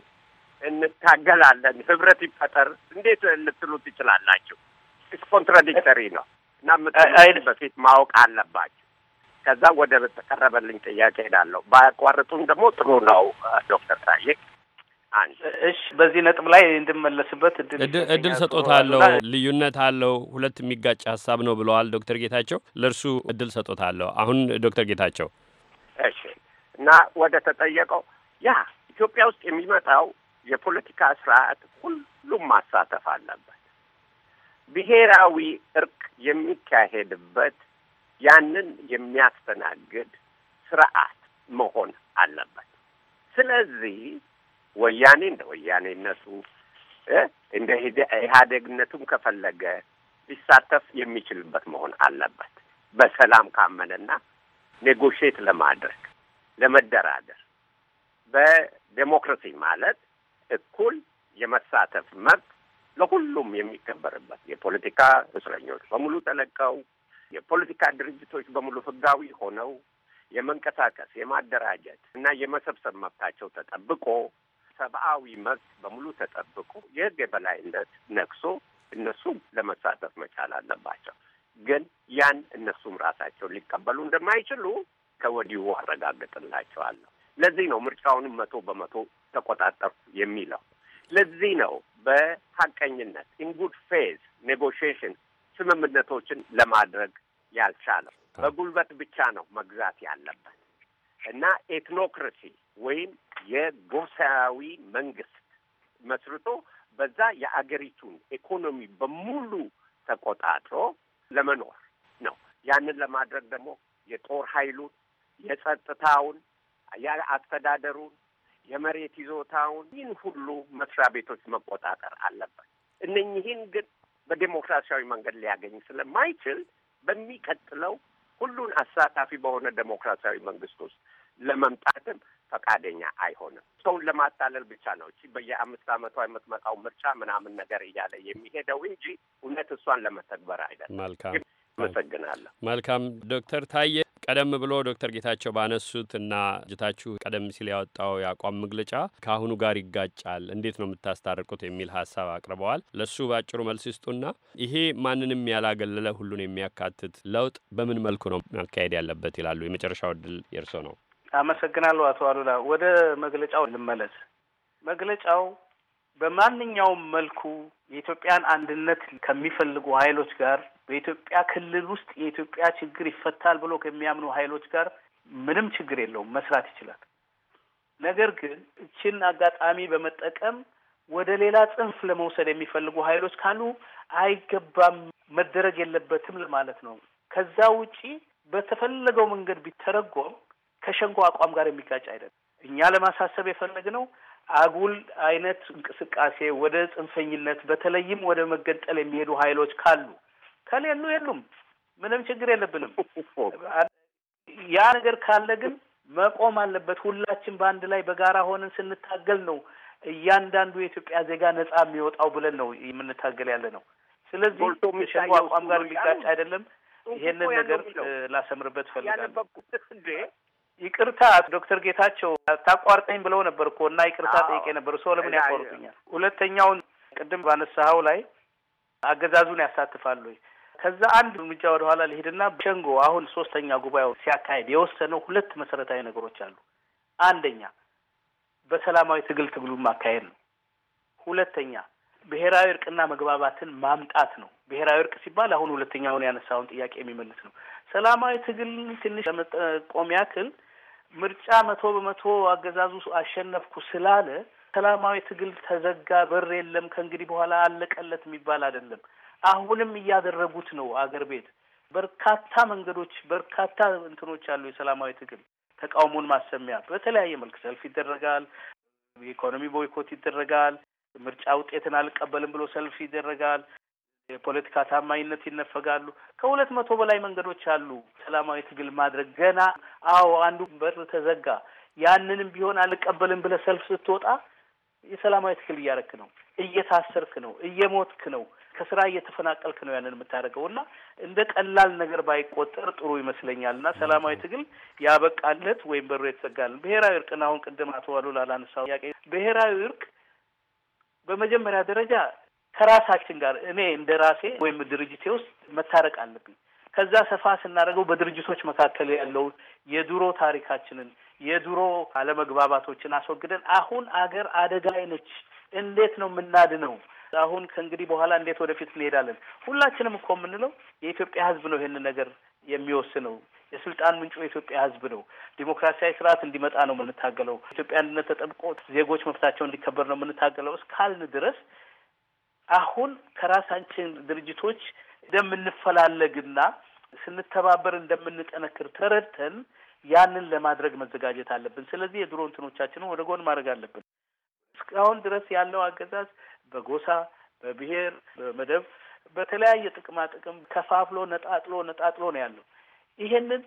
እንታገላለን፣ ህብረት ይፈጠር እንዴት ልትሉ ይችላላችሁ? ኮንትራዲክተሪ ነው እና ምትል በፊት ማወቅ አለባችሁ። ከዛ ወደ ተቀረበልኝ ጥያቄ ሄዳለሁ። ባያቋርጡም ደግሞ ጥሩ ነው ዶክተር ታዬ እሺ በዚህ ነጥብ ላይ እንድመለስበት እድል ሰጦታለሁ። ልዩነት አለው፣ ሁለት የሚጋጭ ሀሳብ ነው ብለዋል ዶክተር ጌታቸው። ለእርሱ እድል ሰጦታለሁ። አሁን ዶክተር ጌታቸው እሺ። እና ወደ ተጠየቀው ያ ኢትዮጵያ ውስጥ የሚመጣው የፖለቲካ ስርዓት ሁሉም ማሳተፍ አለበት። ብሔራዊ እርቅ የሚካሄድበት ያንን የሚያስተናግድ ስርዓት መሆን አለበት። ስለዚህ ወያኔ እንደ ወያኔነቱ እንደ ኢህአዴግነቱም ከፈለገ ሊሳተፍ የሚችልበት መሆን አለበት። በሰላም ካመነና ኔጎሽት ለማድረግ ለመደራደር በዴሞክራሲ ማለት እኩል የመሳተፍ መብት ለሁሉም የሚከበርበት የፖለቲካ እስረኞች በሙሉ ተለቀው የፖለቲካ ድርጅቶች በሙሉ ህጋዊ ሆነው የመንቀሳቀስ የማደራጀት እና የመሰብሰብ መብታቸው ተጠብቆ ሰብአዊ መብት በሙሉ ተጠብቆ የህግ የበላይነት ነግሶ እነሱም ለመሳተፍ መቻል አለባቸው። ግን ያን እነሱም ራሳቸውን ሊቀበሉ እንደማይችሉ ከወዲሁ አረጋግጥላቸዋለሁ። ለዚህ ነው ምርጫውንም መቶ በመቶ ተቆጣጠርኩ የሚለው። ለዚህ ነው በሀቀኝነት ኢንጉድ ፌዝ ኔጎሽሽን ስምምነቶችን ለማድረግ ያልቻለው። በጉልበት ብቻ ነው መግዛት ያለበት እና ኤትኖክራሲ ወይም የጎሳዊ መንግስት መስርቶ በዛ የአገሪቱን ኢኮኖሚ በሙሉ ተቆጣጥሮ ለመኖር ነው። ያንን ለማድረግ ደግሞ የጦር ኃይሉን፣ የጸጥታውን፣ የአስተዳደሩን፣ የመሬት ይዞታውን ይህን ሁሉ መስሪያ ቤቶች መቆጣጠር አለበት። እነኚህን ግን በዴሞክራሲያዊ መንገድ ሊያገኝ ስለማይችል በሚቀጥለው ሁሉን አሳታፊ በሆነ ዴሞክራሲያዊ መንግስት ውስጥ ለመምጣትም ፈቃደኛ አይሆንም። ሰውን ለማታለል ብቻ ነው እ በየአምስት አመቷ የምትመጣው ምርጫ ምናምን ነገር እያለ የሚሄደው እንጂ እውነት እሷን ለመተግበር አይደለም። መልካም አመሰግናለሁ። መልካም ዶክተር ታዬ ቀደም ብሎ ዶክተር ጌታቸው ባነሱት እና እጅታችሁ ቀደም ሲል ያወጣው የአቋም መግለጫ ከአሁኑ ጋር ይጋጫል፣ እንዴት ነው የምታስታርቁት የሚል ሀሳብ አቅርበዋል። ለሱ በአጭሩ መልስ ይስጡና ይሄ ማንንም ያላገለለ ሁሉን የሚያካትት ለውጥ በምን መልኩ ነው ማካሄድ ያለበት ይላሉ? የመጨረሻው እድል የእርሶ ነው። አመሰግናለሁ አቶ አሉላ። ወደ መግለጫው ልመለስ። መግለጫው በማንኛውም መልኩ የኢትዮጵያን አንድነት ከሚፈልጉ ኃይሎች ጋር በኢትዮጵያ ክልል ውስጥ የኢትዮጵያ ችግር ይፈታል ብሎ ከሚያምኑ ኃይሎች ጋር ምንም ችግር የለውም፣ መስራት ይችላል። ነገር ግን እችን አጋጣሚ በመጠቀም ወደ ሌላ ጽንፍ ለመውሰድ የሚፈልጉ ኃይሎች ካሉ አይገባም፣ መደረግ የለበትም ለማለት ነው። ከዛ ውጪ በተፈለገው መንገድ ቢተረጎም ከሸንጎ አቋም ጋር የሚጋጭ አይደለም። እኛ ለማሳሰብ የፈለግነው አጉል አይነት እንቅስቃሴ ወደ ጽንፈኝነት በተለይም ወደ መገንጠል የሚሄዱ ሀይሎች ካሉ ከሌሉ የሉም፣ ምንም ችግር የለብንም። ያ ነገር ካለ ግን መቆም አለበት። ሁላችን በአንድ ላይ በጋራ ሆነን ስንታገል ነው እያንዳንዱ የኢትዮጵያ ዜጋ ነጻ የሚወጣው ብለን ነው የምንታገል ያለ ነው። ስለዚህ ከሸንጎ አቋም ጋር የሚጋጭ አይደለም። ይሄንን ነገር ላሰምርበት ፈልጋለሁ። ይቅርታ ዶክተር ጌታቸው ታቋርጠኝ ብለው ነበር እኮ እና ይቅርታ ጠይቄ ነበር። ሰው ለምን ያቋርጡኛል? ሁለተኛውን ቅድም ባነሳኸው ላይ አገዛዙን ያሳትፋሉ። ከዛ አንድ እርምጃ ወደ ኋላ ሊሄድና ሸንጎ አሁን ሶስተኛ ጉባኤው ሲያካሄድ የወሰነው ሁለት መሰረታዊ ነገሮች አሉ። አንደኛ በሰላማዊ ትግል ትግሉን ማካሄድ ነው። ሁለተኛ ብሔራዊ እርቅና መግባባትን ማምጣት ነው። ብሔራዊ እርቅ ሲባል አሁን ሁለተኛውን ያነሳውን ጥያቄ የሚመልስ ነው። ሰላማዊ ትግል ትንሽ ለመጠቆም ያክል ምርጫ መቶ በመቶ አገዛዙ አሸነፍኩ ስላለ ሰላማዊ ትግል ተዘጋ፣ በር የለም ከእንግዲህ በኋላ አለቀለት የሚባል አይደለም። አሁንም እያደረጉት ነው። አገር ቤት በርካታ መንገዶች፣ በርካታ እንትኖች አሉ። የሰላማዊ ትግል ተቃውሞን ማሰሚያ በተለያየ መልክ ሰልፍ ይደረጋል። የኢኮኖሚ ቦይኮት ይደረጋል። ምርጫ ውጤትን አልቀበልም ብሎ ሰልፍ ይደረጋል። የፖለቲካ ታማኝነት ይነፈጋሉ። ከሁለት መቶ በላይ መንገዶች አሉ ሰላማዊ ትግል ማድረግ ገና። አዎ አንዱ በር ተዘጋ። ያንንም ቢሆን አልቀበልም ብለህ ሰልፍ ስትወጣ የሰላማዊ ትግል እያረክ ነው፣ እየታሰርክ ነው፣ እየሞትክ ነው፣ ከስራ እየተፈናቀልክ ነው። ያንን የምታደርገው እና እንደ ቀላል ነገር ባይቆጠር ጥሩ ይመስለኛል። እና ሰላማዊ ትግል ያበቃለት ወይም በሩ የተዘጋልን ብሔራዊ እርቅን አሁን ቅድም አቶ አሉላ ላነሳው ጥያቄ ብሔራዊ እርቅ በመጀመሪያ ደረጃ ከራሳችን ጋር እኔ እንደ ራሴ ወይም ድርጅቴ ውስጥ መታረቅ አለብኝ። ከዛ ሰፋ ስናደርገው በድርጅቶች መካከል ያለው የድሮ ታሪካችንን የድሮ አለመግባባቶችን አስወግደን አሁን አገር አደጋ አይነች እንዴት ነው የምናድነው? አሁን ከእንግዲህ በኋላ እንዴት ወደፊት እንሄዳለን? ሁላችንም እኮ የምንለው የኢትዮጵያ ሕዝብ ነው ይህንን ነገር የሚወስነው። የስልጣን ምንጩ የኢትዮጵያ ሕዝብ ነው። ዲሞክራሲያዊ ስርዓት እንዲመጣ ነው የምንታገለው። ኢትዮጵያ አንድነት ተጠብቆ ዜጎች መብታቸው እንዲከበር ነው የምንታገለው እስካልን ድረስ አሁን ከራሳችን ድርጅቶች እንደምንፈላለግና ስንተባበር እንደምንጠነክር ተረድተን ያንን ለማድረግ መዘጋጀት አለብን። ስለዚህ የድሮ እንትኖቻችንን ወደ ጎን ማድረግ አለብን። እስካሁን ድረስ ያለው አገዛዝ በጎሳ፣ በብሔር፣ በመደብ በተለያየ ጥቅማ ጥቅም ከፋፍሎ ነጣጥሎ ነጣጥሎ ነው ያለው። ይሄንን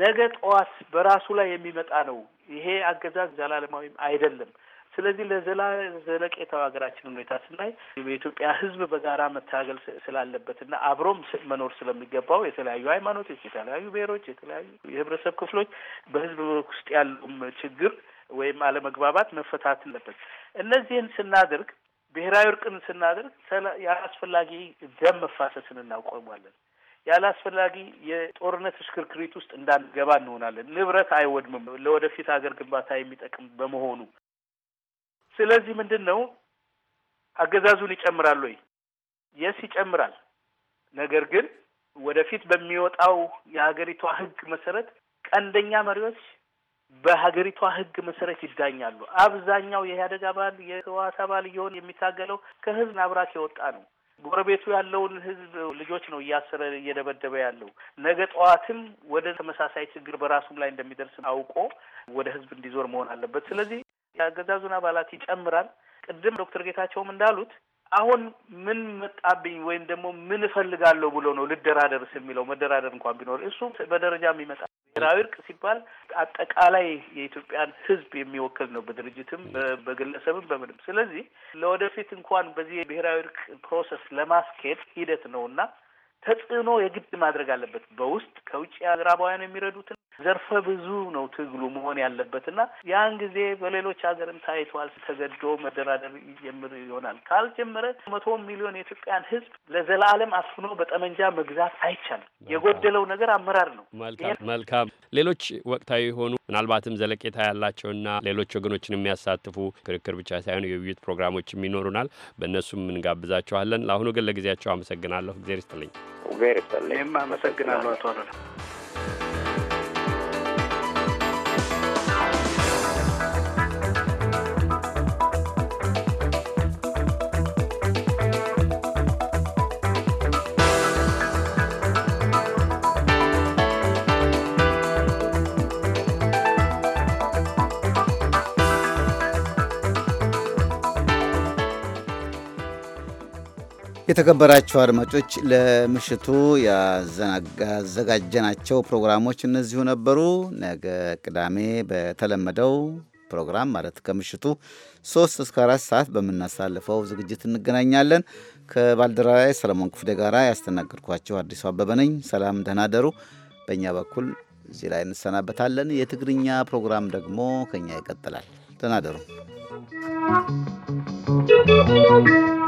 ነገ ጠዋት በራሱ ላይ የሚመጣ ነው። ይሄ አገዛዝ ዘላለማዊም አይደለም። ስለዚህ ለዘላ ዘለቄታው ሀገራችን ሁኔታ ስናይ በኢትዮጵያ ህዝብ በጋራ መታገል ስላለበትና አብሮም መኖር ስለሚገባው የተለያዩ ሃይማኖቶች፣ የተለያዩ ብሔሮች፣ የተለያዩ የህብረተሰብ ክፍሎች በህዝብ ውስጥ ያሉም ችግር ወይም አለመግባባት መፈታት አለበት። እነዚህን ስናደርግ ብሔራዊ እርቅን ስናደርግ ያላስፈላጊ ደም መፋሰስን እናቆማለን። ያላስፈላጊ የጦርነት እሽክርክሪት ውስጥ እንዳንገባ እንሆናለን። ንብረት አይወድምም፣ ለወደፊት ሀገር ግንባታ የሚጠቅም በመሆኑ ስለዚህ ምንድን ነው አገዛዙን ይጨምራል ወይ? የስ ይጨምራል። ነገር ግን ወደፊት በሚወጣው የሀገሪቷ ህግ መሰረት ቀንደኛ መሪዎች በሀገሪቷ ህግ መሰረት ይዳኛሉ። አብዛኛው የኢህአዴግ አባል የህወሓት አባል እየሆን የሚታገለው ከህዝብ አብራክ የወጣ ነው። ጎረቤቱ ያለውን ህዝብ ልጆች ነው እያሰረ እየደበደበ ያለው። ነገ ጠዋትም ወደ ተመሳሳይ ችግር በራሱም ላይ እንደሚደርስ አውቆ ወደ ህዝብ እንዲዞር መሆን አለበት። ስለዚህ የአገዛዙን አባላት ይጨምራል። ቅድም ዶክተር ጌታቸውም እንዳሉት አሁን ምን መጣብኝ ወይም ደግሞ ምን እፈልጋለሁ ብሎ ነው ልደራደርስ የሚለው። መደራደር እንኳን ቢኖር እሱ በደረጃ የሚመጣ ብሔራዊ እርቅ ሲባል አጠቃላይ የኢትዮጵያን ሕዝብ የሚወክል ነው በድርጅትም በግለሰብም በምንም። ስለዚህ ለወደፊት እንኳን በዚህ ብሔራዊ እርቅ ፕሮሰስ ለማስኬድ ሂደት ነው እና ተጽዕኖ የግድ ማድረግ አለበት። በውስጥ ከውጭ ምዕራባውያን የሚረዱትን ዘርፈ ብዙ ነው ትግሉ መሆን ያለበት እና ያን ጊዜ በሌሎች ሀገርም ታይቷል። ተገዶ መደራደር ጀምር ይሆናል። ካልጀመረ መቶ ሚሊዮን የኢትዮጵያን ሕዝብ ለዘላለም አፍኖ በጠመንጃ መግዛት አይቻልም። የጎደለው ነገር አመራር ነው። መልካም መልካም። ሌሎች ወቅታዊ የሆኑ ምናልባትም ዘለቄታ ያላቸውና ሌሎች ወገኖችን የሚያሳትፉ ክርክር ብቻ ሳይሆን የውይይት ፕሮግራሞችም ይኖሩናል። በእነሱም እንጋብዛችኋለን። ለአሁኑ ግን ለጊዜያቸው አመሰግናለሁ። እግዜር ይስጥልኝ። እግዜር ይስጥልኝ። እኔም አመሰግናለሁ አቶ አሉላ። የተከበራቸው አድማጮች ለምሽቱ ያዘጋጀናቸው ፕሮግራሞች እነዚሁ ነበሩ። ነገ ቅዳሜ በተለመደው ፕሮግራም ማለት ከምሽቱ ሶስት እስከ አራት ሰዓት በምናሳልፈው ዝግጅት እንገናኛለን። ከባልደረባዬ ሰለሞን ክፍሌ ጋራ ያስተናገድኳቸው አዲሱ አበበ ነኝ። ሰላም፣ ደህና ደሩ። በእኛ በኩል እዚህ ላይ እንሰናበታለን። የትግርኛ ፕሮግራም ደግሞ ከኛ ይቀጥላል። ደህና ደሩ።